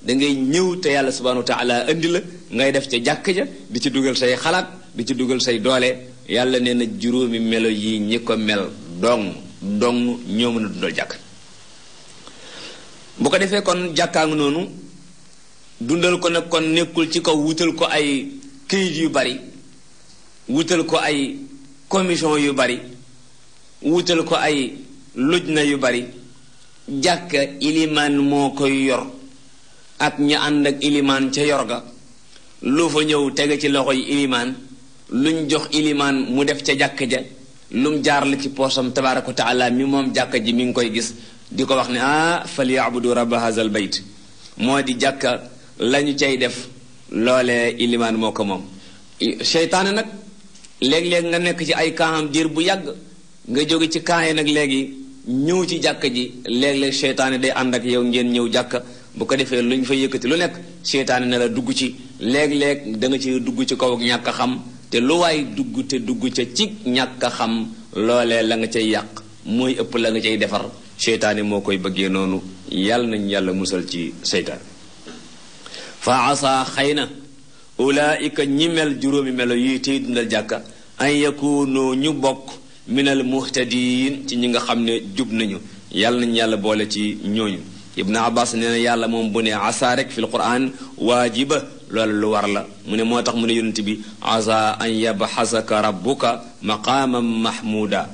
dangay ñëw te yàlla subhanahu wa taala indi la ngay def ca jàkk ja di ci dugal say xalaat di ci dugal say doole yàlla nee na juróomi melo yi ñi ko mel dong dong ñoo mën a dundal jàkk bu ko defee kon jàkkaangu noonu dundal ko nekkul ci kaw wutal ko ay këyit yu bari wutal ko ay commission yu bari wutal ko ay na yu bari jàkka ilimaan moo koy yor ak ña ànd ak ilimaan ca yor ga lu fa ñëw tege ci loxo yi ilimaan luñ jox ilimaan mu def ca jàkk ja lum jaar la ci poosam tabaaraka wa taala mi moom jàkka ji mi ngi koy gis di ko wax ne ah fal yaabudu rabba hazal bayt moo di jàkka lañu cay def loole ilimaan moo ko moom seytaane nag léeg-léeg nga nekk ci ay kaam diir bu yàgg nga jóge ci kaam yi nag léegi ñëw ci jàkk ji léeg-léeg seytaane day ànd ak yow ngeen ñëw jàkk bu ko defee lu ñu fa yëkkati lu nekk seytaane na la dugg ci léeg-léeg danga nga ci dugg ci kaw ak ñàkk xam te lu waay dugg te dugg ca ci ñàkk xam loole la nga cay yàq mooy ëpp la nga cay defar seytaane moo koy bëggee noonu yàlla nañ yàlla musal ci seytaane fa asa xëy na ulaayika ñi mel juróomi melo yi tey dundal jàkka an yakunu ñu bokk minal muhtadiin ci ñi nga xam ne jub nañu yàlla nañu yàlla boole ci ñooñu ibnu abbas nee na yàlla moom bu ne asa rek fi l quran waajiba loolu lu war la mu ne moo tax mu ne yonent bi asa an yabxasaka rabbuka maqaaman mahmuuda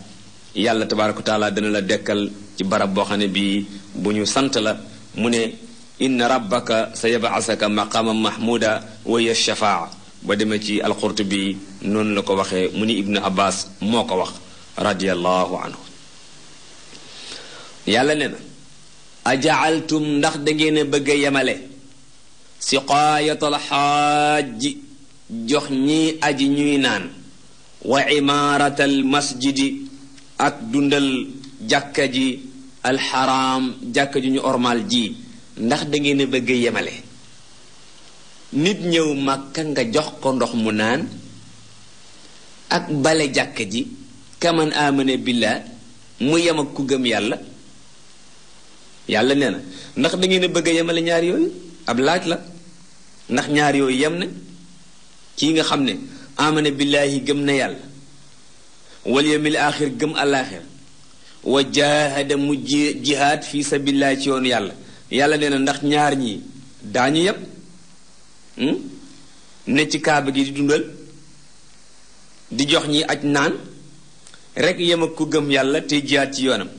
yàlla tabaaraka wa taala dana la dekkal ci barab boo xam ne bii bu ñu sant la mu ne inna rabbaka sa yabasaka maqaama mahmuda waya shafaa ba demee ci alqurtubi noonu la ko waxe mu ni ibnu abbas moo ko wax radiallahu anhu yàlla ne na ajaaltum ndax dangeen a bëgg a yemale siqaayatal xaaji jox ñiy aji ñuy naan wa imaaratal masjidi ak dundal jàkka ji alxaraam jàkka ji ñu ormal ji ndax dangeen bëgg yemale nit ñëw màkka nga jox ko ndox mu naan ak bale jàkk ji kaman amane billaa mu yem ak ku gëm yàlla yàlla nee na ndax da bëgg yemale ñaar yooyu ab laaj la ndax ñaar yooyu yem na kii nga xam ne amana billaahi gëm na yàlla wal yawmil aaxir gëm alaaxir wa jaahada mu fii sa sabilillah ci yoon yàlla yàlla nee na ndax ñaar ñi daañu yëpp hmm? ne ci kaaba gi di dundal di jox ñi aj naan rekk yem ak ku gëm yàlla te jiyaat ci yoonam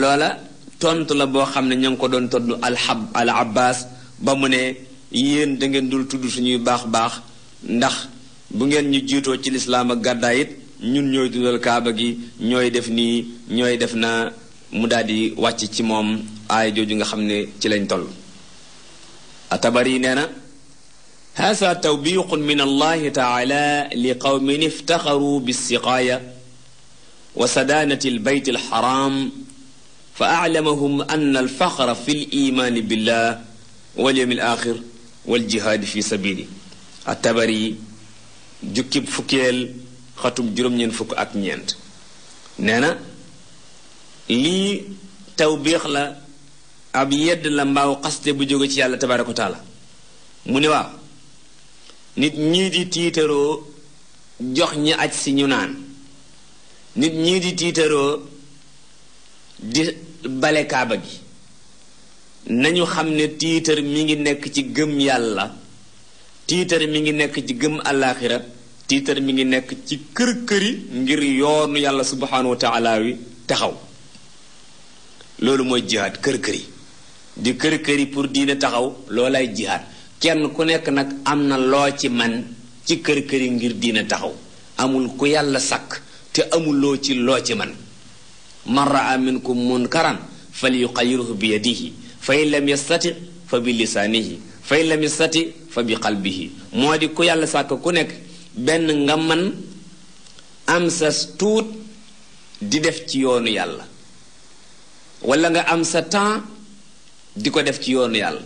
loola tontu la boo xam ne ña ngi ko doon todd alxab al abbas ba mu ne yéen dangeen dul tudd suñuy baax baax ndax bu ngeen ñu jiitoo ci lislaam ak gàddaay it ñun ñooy dundal kaaba gi ñooy def nii ñooy def naa mu daldi wàcc ci moom aaya jooju nga xam ne ci lañ toll atabari nee na haasa tawbiqun min allahi taala li qawmin iftaxaru bilsiqaaya wa sadaanati albayt alxaram fa aclamahum an alfaxra fi limaani billah walyowm alaxir waljihaadi fi sabili atabari jukkib fukkeel xatub juróom-ñeent fukk ak ñeent nee na lii ab yedd la mbaaw xaste bu jóge ci yàlla tabaaraka wa taala mu ne waaw nit ñii di tiitaroo jox ñi aj si ñu naan nit ñii di tiitaroo di bale kaaba gi nañu xam ne tiitar mi ngi nekk ci gëm yàlla tiitar mi ngi nekk ci gëm àllaaxira tiitar mi ngi nekk ci kër këri ngir yoonu yàlla subhaanahu wa taala wi taxaw loolu mooy jihaad kër këri di kër këri pour diina taxaw loolay jihaad kenn ku nekk nag am na loo ci man ci kër këri ngir diine taxaw amul ku yàlla sàkk te amuloo ci loo ci man man raa minkum munkaran fal yuqayiruhu bi yadihi fa in lam bi lisaanihi fa in lam yastati fa bi qalbihi moo di ku yàlla sàkk ku nekk benn nga man am sa tuut di def ci yoonu yàlla wala nga am sa temps di ko def ci yoonu yàlla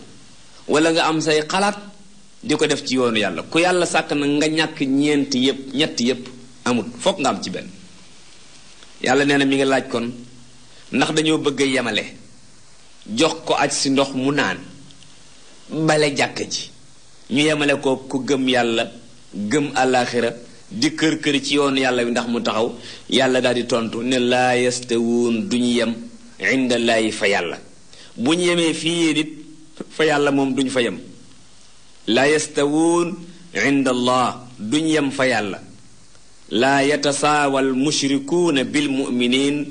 wala nga am say xalaat di ko def ci yoonu yàlla ku yàlla sàkk na nga ñàkk ñeent yépp ñett yépp amut fokk nga am ci benn yàlla nee na mi ngi laaj kon ndax dañoo bëgg a yemale jox ko aj si ndox mu naan bale jàkk ji ñu yemale ko ku gëm yàlla gëm àllaaxira di kër kër ci yoonu yàlla bi ndax mu taxaw yàlla daal di tontu ne laa yastawuun duñu yem indallaahi fa yàlla bu ñu yemee fii yéen fa yàlla moom duñ fa yem laa yastawuun inda allah duñ yem fa yàlla laa yatasaawa almushrikuuna bilmuminin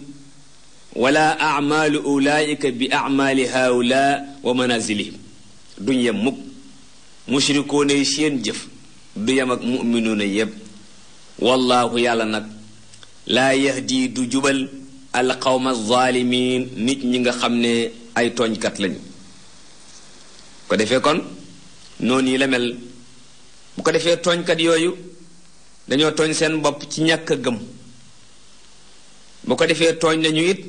wala acmaalu ulaayika bi acmaali haula wa manazilihim duñ yem mukk mushrikuuna yi seen jëf du yem ak muminuuna yépp wallaahu yàlla nag laa yahdi du jubal alqawma alzaalimin nit ñi nga xam ne ay tooñkat lañu ko defee kon noonu yi la mel bu ko defee tooñkat yooyu dañoo tooñ seen bopp ci ñàkk a gëm bu ko defee tooñ nañu it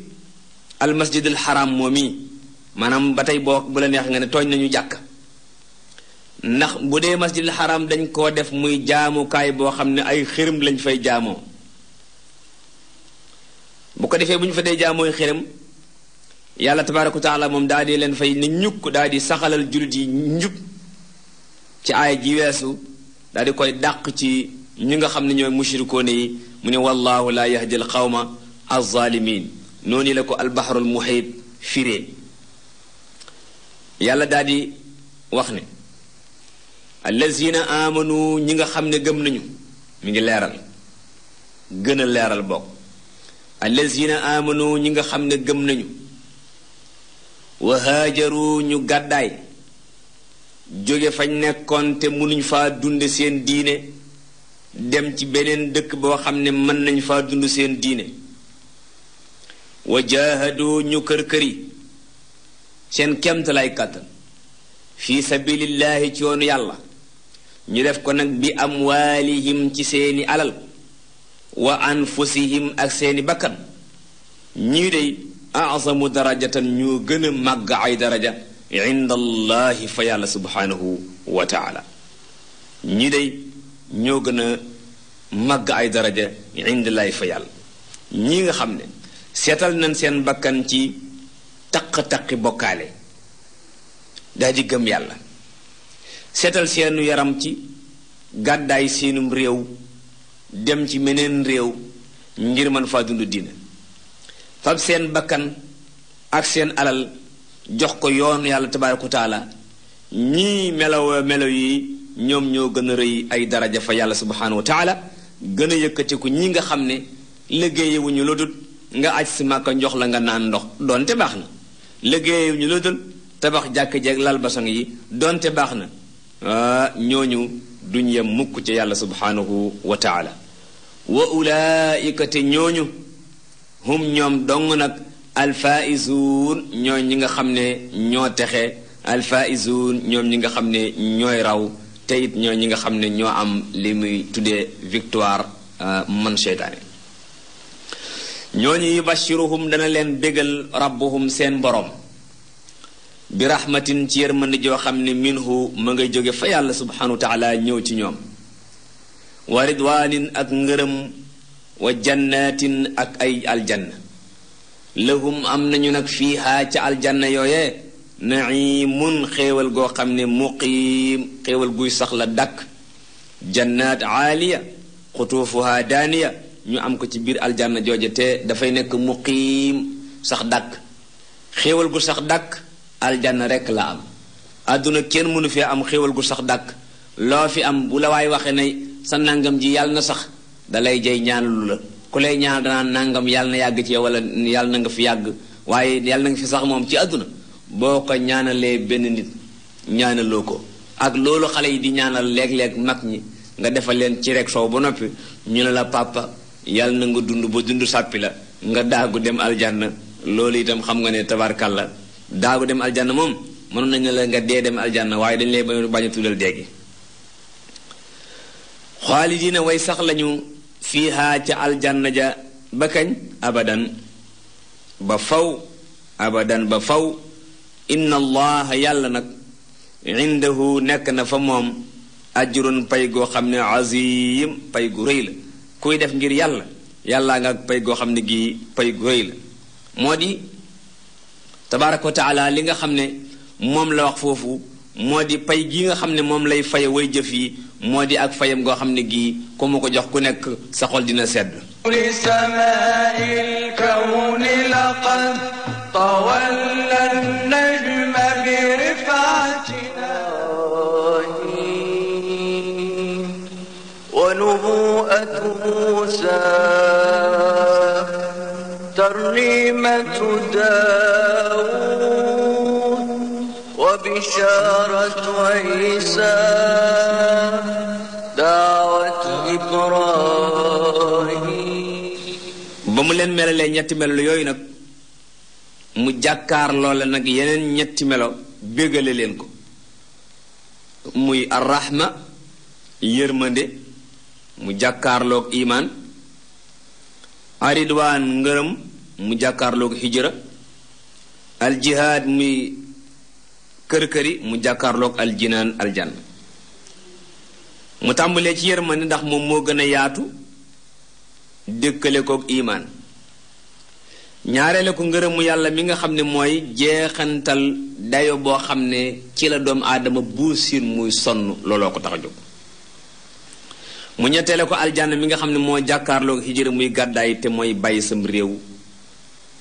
al masjidul xaram moom yi maanaam ba tey boo bu la neex nga ne tooñ nañu jàkk ndax bu dee masjidul xaram dañ koo def muy jaamukaay boo xam ne ay xirim lañ fay jaamoo bu ko defee bu ñu fa dee jaamoo xirim yàlla tabaaraka wa taala moom daa di leen fay ni ñukk daa di saxalal jullit yi njub ci aaya ji weesu daa di koy dàq ci ñi nga xam ne ñooy mushrikoone yi mu ne wallahu laa yahdi al qawma alzaalimiin noonu la ko albaharul muhiit yàlla daa di wax ne allazina amanu ñi nga xam ne gëm nañu mi ngi leeral gën a leeral bokk allazina amanu ñi nga xam ne gëm nañu wa ñu gàddaay jóge fañ nekkoon te mënuñ faa dund seen diine dem ci beneen dëkk boo xam ne mën nañ faa dund seen diine wa jaahadu ñu kër-këri seen kemt lay kàttan fi sabilillaahi ci yoonu yàlla ñu def ko nag bi amwaalihim ci seeni alal wa anfusihim ak seeni bakkan ñii dey azamu darajatan ñoo gën a màgg ay daraja inda allahi fa yàlla subhaanahu wa taala ñii day ñoo gën a màgg ay daraja indallaahi fa yàlla ñi nga xam ne seetal nañ seen bakkan ci taq-taqi bokkaale daa di gëm yàlla seetal seenu yaram ci gàddaay seenum réew dem ci meneen réew ngir mën faa dund diina fab seen bakkan ak seen alal jox ko yoon yàlla tabaaraka taala ñii melaw melaw yi ñoom ñoo gën a rëy ay daraja fa yàlla subhaanahu wa taala gën a yëkkatiku ñi nga xam ne liggéeyewuñu lu dul nga aj si màkka njox la nga naan ndox doonte baax na liggéeyewuñu lu dul tabax jàkk jeeg lal basang yi doonte baax na ah, ñooñu duñ yem mukk ci yàlla subhaanahu wa taala wa ulaayika ñooñu hum ñoom dong nag alfaaizuun ñooy ñi nga xam ne ñoo texe alfaaizuun ñoom ñi nga xam ne ñooy raw te it ñooy ñi nga xam ne ñoo am li muy tuddee victoire euh, man seytaane ñooñu yubashiruhum dana leen bégal rabbuhum seen borom bi rahmatin ci yërmande joo xam ne minhu ma nga jóge fa yàlla subhanahu wa ñëw ci ñoom wa ridwaanin ak ngërëm wa jannaatin ak ay aljanna lahum am nañu nag fii fiihaa ca aljanna yooye naimun xéewal goo xam ne muqiim xéewal guy sax la dàkk jannaat aaliya xutuufuhaa daaniya ñu am ko ci biir aljana jooje dafay nekk muqiim sax dàkk xéewal gu sax dàkk aljanna rekk la am àdduna kenn mënu fee am xéewal gu sax dàkk loo fi am bu la waay waxe ne sa nàngam ji yàlla na sax dalay jay ñaanalu la ku lay ñaanal danaan nangam yàlla na yàgg ci yow wala yàlla na nga fi yàgg waaye yàlla na nga fi sax moom ci àdduna boo ko ñaanalee benn nit ñaanaloo ko ak loolu xale yi di ñaanal léeg-léeg mag ñi nga defal leen ci rek soow ba noppi ñu ne la pàppa yàlla na nga dund ba dund sàppi la nga daagu dem aljanna loolu itam xam nga ne la daagu dem aljanna moom mënoon ne la nga dee dem aljanna waaye dañu lay bañ a tuddal dee gi fiihaa ca aljanna ja ba kañ abadan ba faw abadan ba faw inna allaha yàlla nag indahu nekk na fa moom ajrun pay goo xam ne azim pay gu rëy kuy def ngir yàlla yàlla nga pay goo xam ne gi pay gu rëy moo di tabaaraka wa taala li nga xam ne moom la wax foofu moo di pay gi nga xam ne moom lay faye way jëf yi moo di ak fayam goo xam ne gii ku mu ko jox ku nekk sa xol dina sedd ترنيمة دار بشارة وإيساء ba mu leen melalee ñetti melo yooyu nag mu jàkkaar loole nag yeneen ñetti melo bégale leen ko muy arrahma yërmande mu jàkkaarloog imaan aridwaan ngërëm mu jàkkaarloog hijra aljihaad muy kër-këri mu jàkkaarloog aljinaan aljan mu tàmbalee ci yërmande ndax moom moo gën a yaatu dëkkale koog imaan ñaareele ko ngërëmu yàlla mi nga xam ne mooy jeexantal dayo boo xam ne ci la doomu aadama siin muy sonn looloo ko tax a mu ñetteele ko aljana mi nga xam ne moo jàkkaarloog hijra muy gàddaay te mooy bàyyi sam réew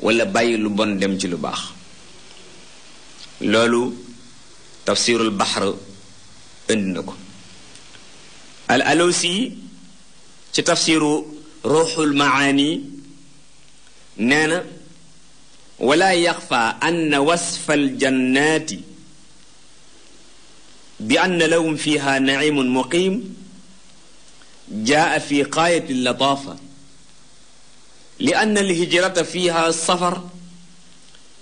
wala bàyyi lu bon dem ci lu baax loolu tafsirul baxar indi na ko al aloosi ci tafsiru ruuxul maani nee na wala yaxfa anna wasfa aljannaati bi anna lahum fiha naimun muqim jaa fi qaayati lataafa li anna alhijrata fiha safar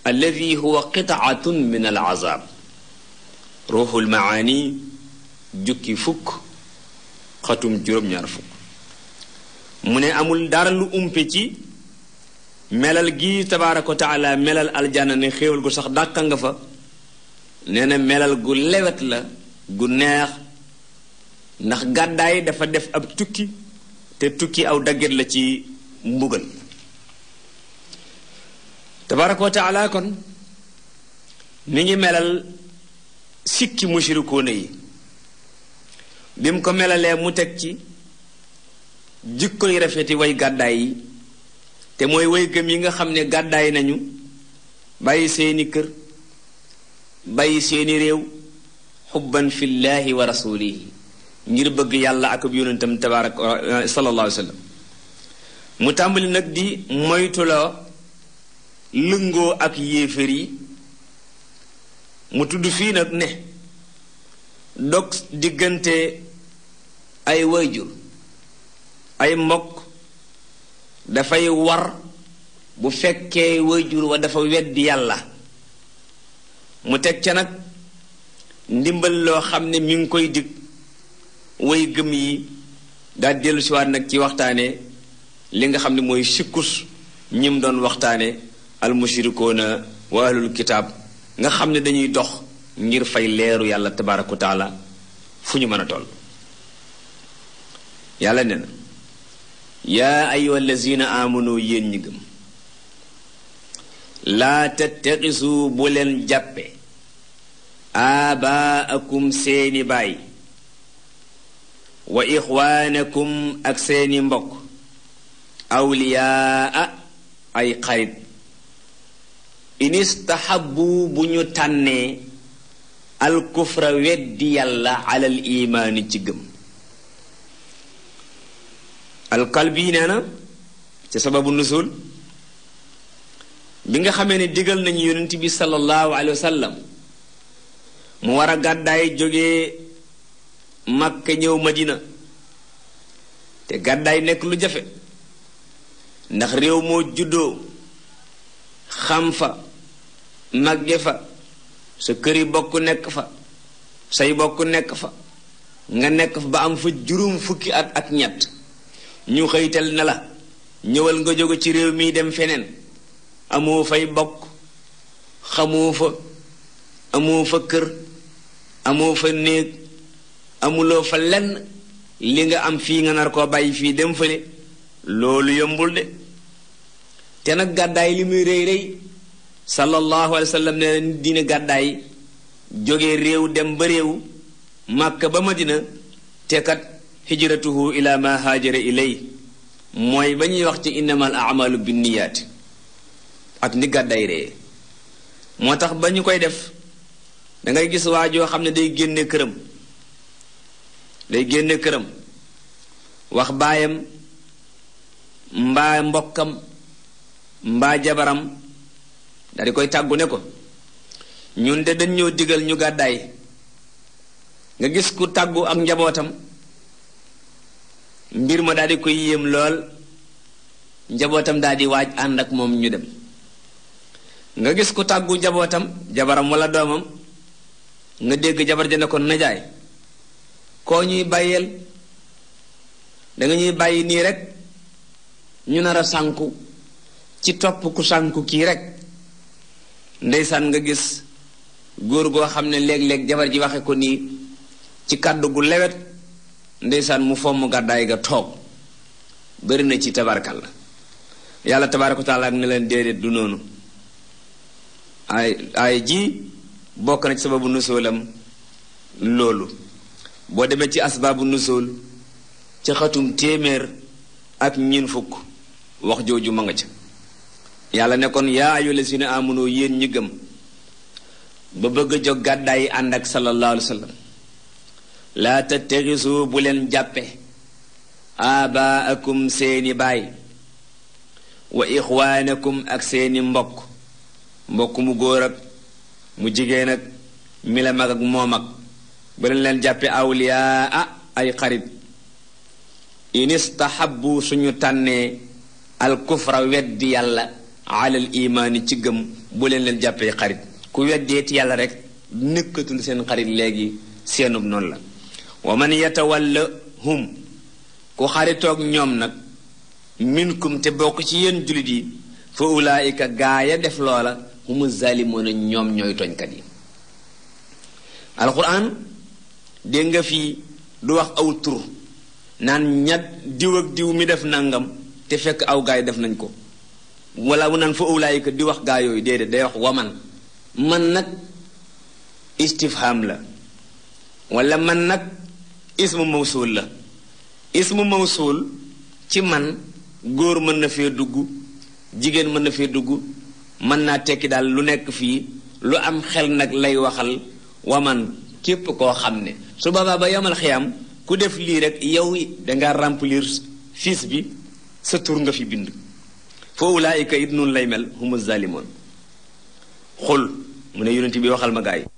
alladi huwa qitaatun min alazab ruuxul maani jukki fukk xatum juróom-ñaar fukk mu ne amul dara lu umpe ci melal gi tabaaraka wa taala melal aljana ne xéewal gu sax dàqa nga fa nee na melal gu lewet la gu neex ndax gàddaay dafa def ab tukki te tukki aw dagget la ci mbugal tabaaraka wa kon mi ngi melal sikki mushrikuuna yi bi mu ko melalee mu teg ci jikkoy rafeti way gàddaay yi te mooy way gëm yi nga xam ne gàddaay nañu bàyyi seeni kër bàyyi seeni réew xubban fillaahi wa rasuulihi ngir bëgg yàlla ak ab yonentam tabaaraka sallallahu alayhi wa sallam mu tàmbali nag di moytuloo lëngoo ak yéefar yi mu tudd fii nag ne dog diggante ay wayjur ay mbokk dafay war bu fekkee wayjur wa dafa weddi yàlla mu teg ca nag ndimbal loo xam ne mi ngi koy dig way gëm yi daal dellu siwaat nag ci waxtaane li nga xam ne mooy sikkus ñim doon waxtaane almushrikoona wa ahlul kitaab nga xam ne dañuy dox ngir fay leeru yàlla tabaaraka taala fu ñu mën a toll yàlla ne na yaa ayuha allazina amanu yéen ñi gëm laa tattaxisu bu leen jàppe aabaakum seeni baay wa ixwaanakum ak seeni mbokk awliyaa ay xarit inistahabu bu ñu tànnee alkufra weddi yàlla alal imaani ci gëm alqalbi nee na ci sababu nusul bi nga xamee ne digal nañu yonent bi sallallahu alayhi wa sallam mu war a gàddaay jógee Makka ñëw ma Madina te gàddaay nekk lu jafe ndax réew moo juddoo xam fa magge fa sa kër yi bokk nekk fa say bokk nekk fa nga nekk fa ba am fa juróom fukki at ak ñett ñu xëytal na la ñëwal nga jóge ci réew mi dem feneen amoo fay bokk xamoo fa amoo fa kër amoo fa néeg amuloo fa lenn li nga am fii nga nar koo bàyyi fii dem fële loolu yombul de te nag gàddaay li muy rëy rëy sallallahu alayhi wa sallam nee na dina gàddaay jóge réew dem ba réew makk ba madina te kat hijratuhu ila ma haajara ilay mooy ba ñuy wax ci innamal amalu binniyaat ak ni gàddaay ree moo tax ba ñu koy def dangay gis waa joo xam ne day génne këram day génne këram wax baayam mbaa mbokkam mbaa jabaram daal koy tàggu ne ko ñun de dañ ñëw digal ñu gàddaay nga gis ku tàggu ak njabootam mbir ma daal koy yéem lool njabootam daal di waaj ànd ak moom ñu dem nga gis ku tàggu njabootam jabaram walla doomam nga dégg jabar ja ne ko najaay koo ñuy bàyyeel da ñuy bàyyi nii rekk ñu nar a sànku ci topp ku sànku kii rekk ndeysaan nga gis góor goo xam ne léeg-léeg jabar ji waxe ko nii ci kàddu gu lewet ndeysaan mu fomm gàddaay ga toog bëri na ci tabarkal la yàlla tabaaraka taala ne leen déedéet du noonu ay ay ji bokk na ci sababu nusoolam loolu boo demee ci asbaabu nusool ci xatum téeméer ak ñeent fukk wax jooju ma nga ca yàlla ne kon yaa ayyuhal lazina amanu yéen ñi gëm ba bëgg a jóg gàddaay ànd ak sallallahu alayhi wa sallam laa tattaxisu bu leen jàppe abaakum seeni baay wa ixwaanakum ak seeni mbokk mbokk mu góor ak mu jigéen ak mi la mag ak moom bu leen leen jàppe awliyaa ay xarit in istaxabu suñu tànnee alkufra weddi yàlla alal imaani ci gëm bu leen leen jàppee xarit ku weddeeti yàlla rek nekkatul seen xarit léegi seenub noon la wa man yatawallahum ku xaritoog ñoom nag minkum te bokk ci yéen jullit yi fa ulaayika gaa ya def loola humu zaalimoona ñoom ñooy tooñkat yi alxuraan dégg nga fii du wax aw tur naan ñat diw ak diw mi def nangam te fekk aw gaay def nañ ko wala mu naan fa ulaayika di wax gaa yooyu déedéet day wax waman man nag istifham la walla man nag ismu mawsuul la ismu mawsuul ci man góor mën na fee dugg jigéen mën na fee dugg mën naa tekki daal lu nekk fii lu am xel nag lay waxal waman képp koo xam ne su boobaa ba yamal xiyam ku def lii rek yow danga remplir fiis bi sa tur nga fi bind fa ulaayika it noonu lay mel humu zalimoon xul mu ne yonent bi waxal ma gaay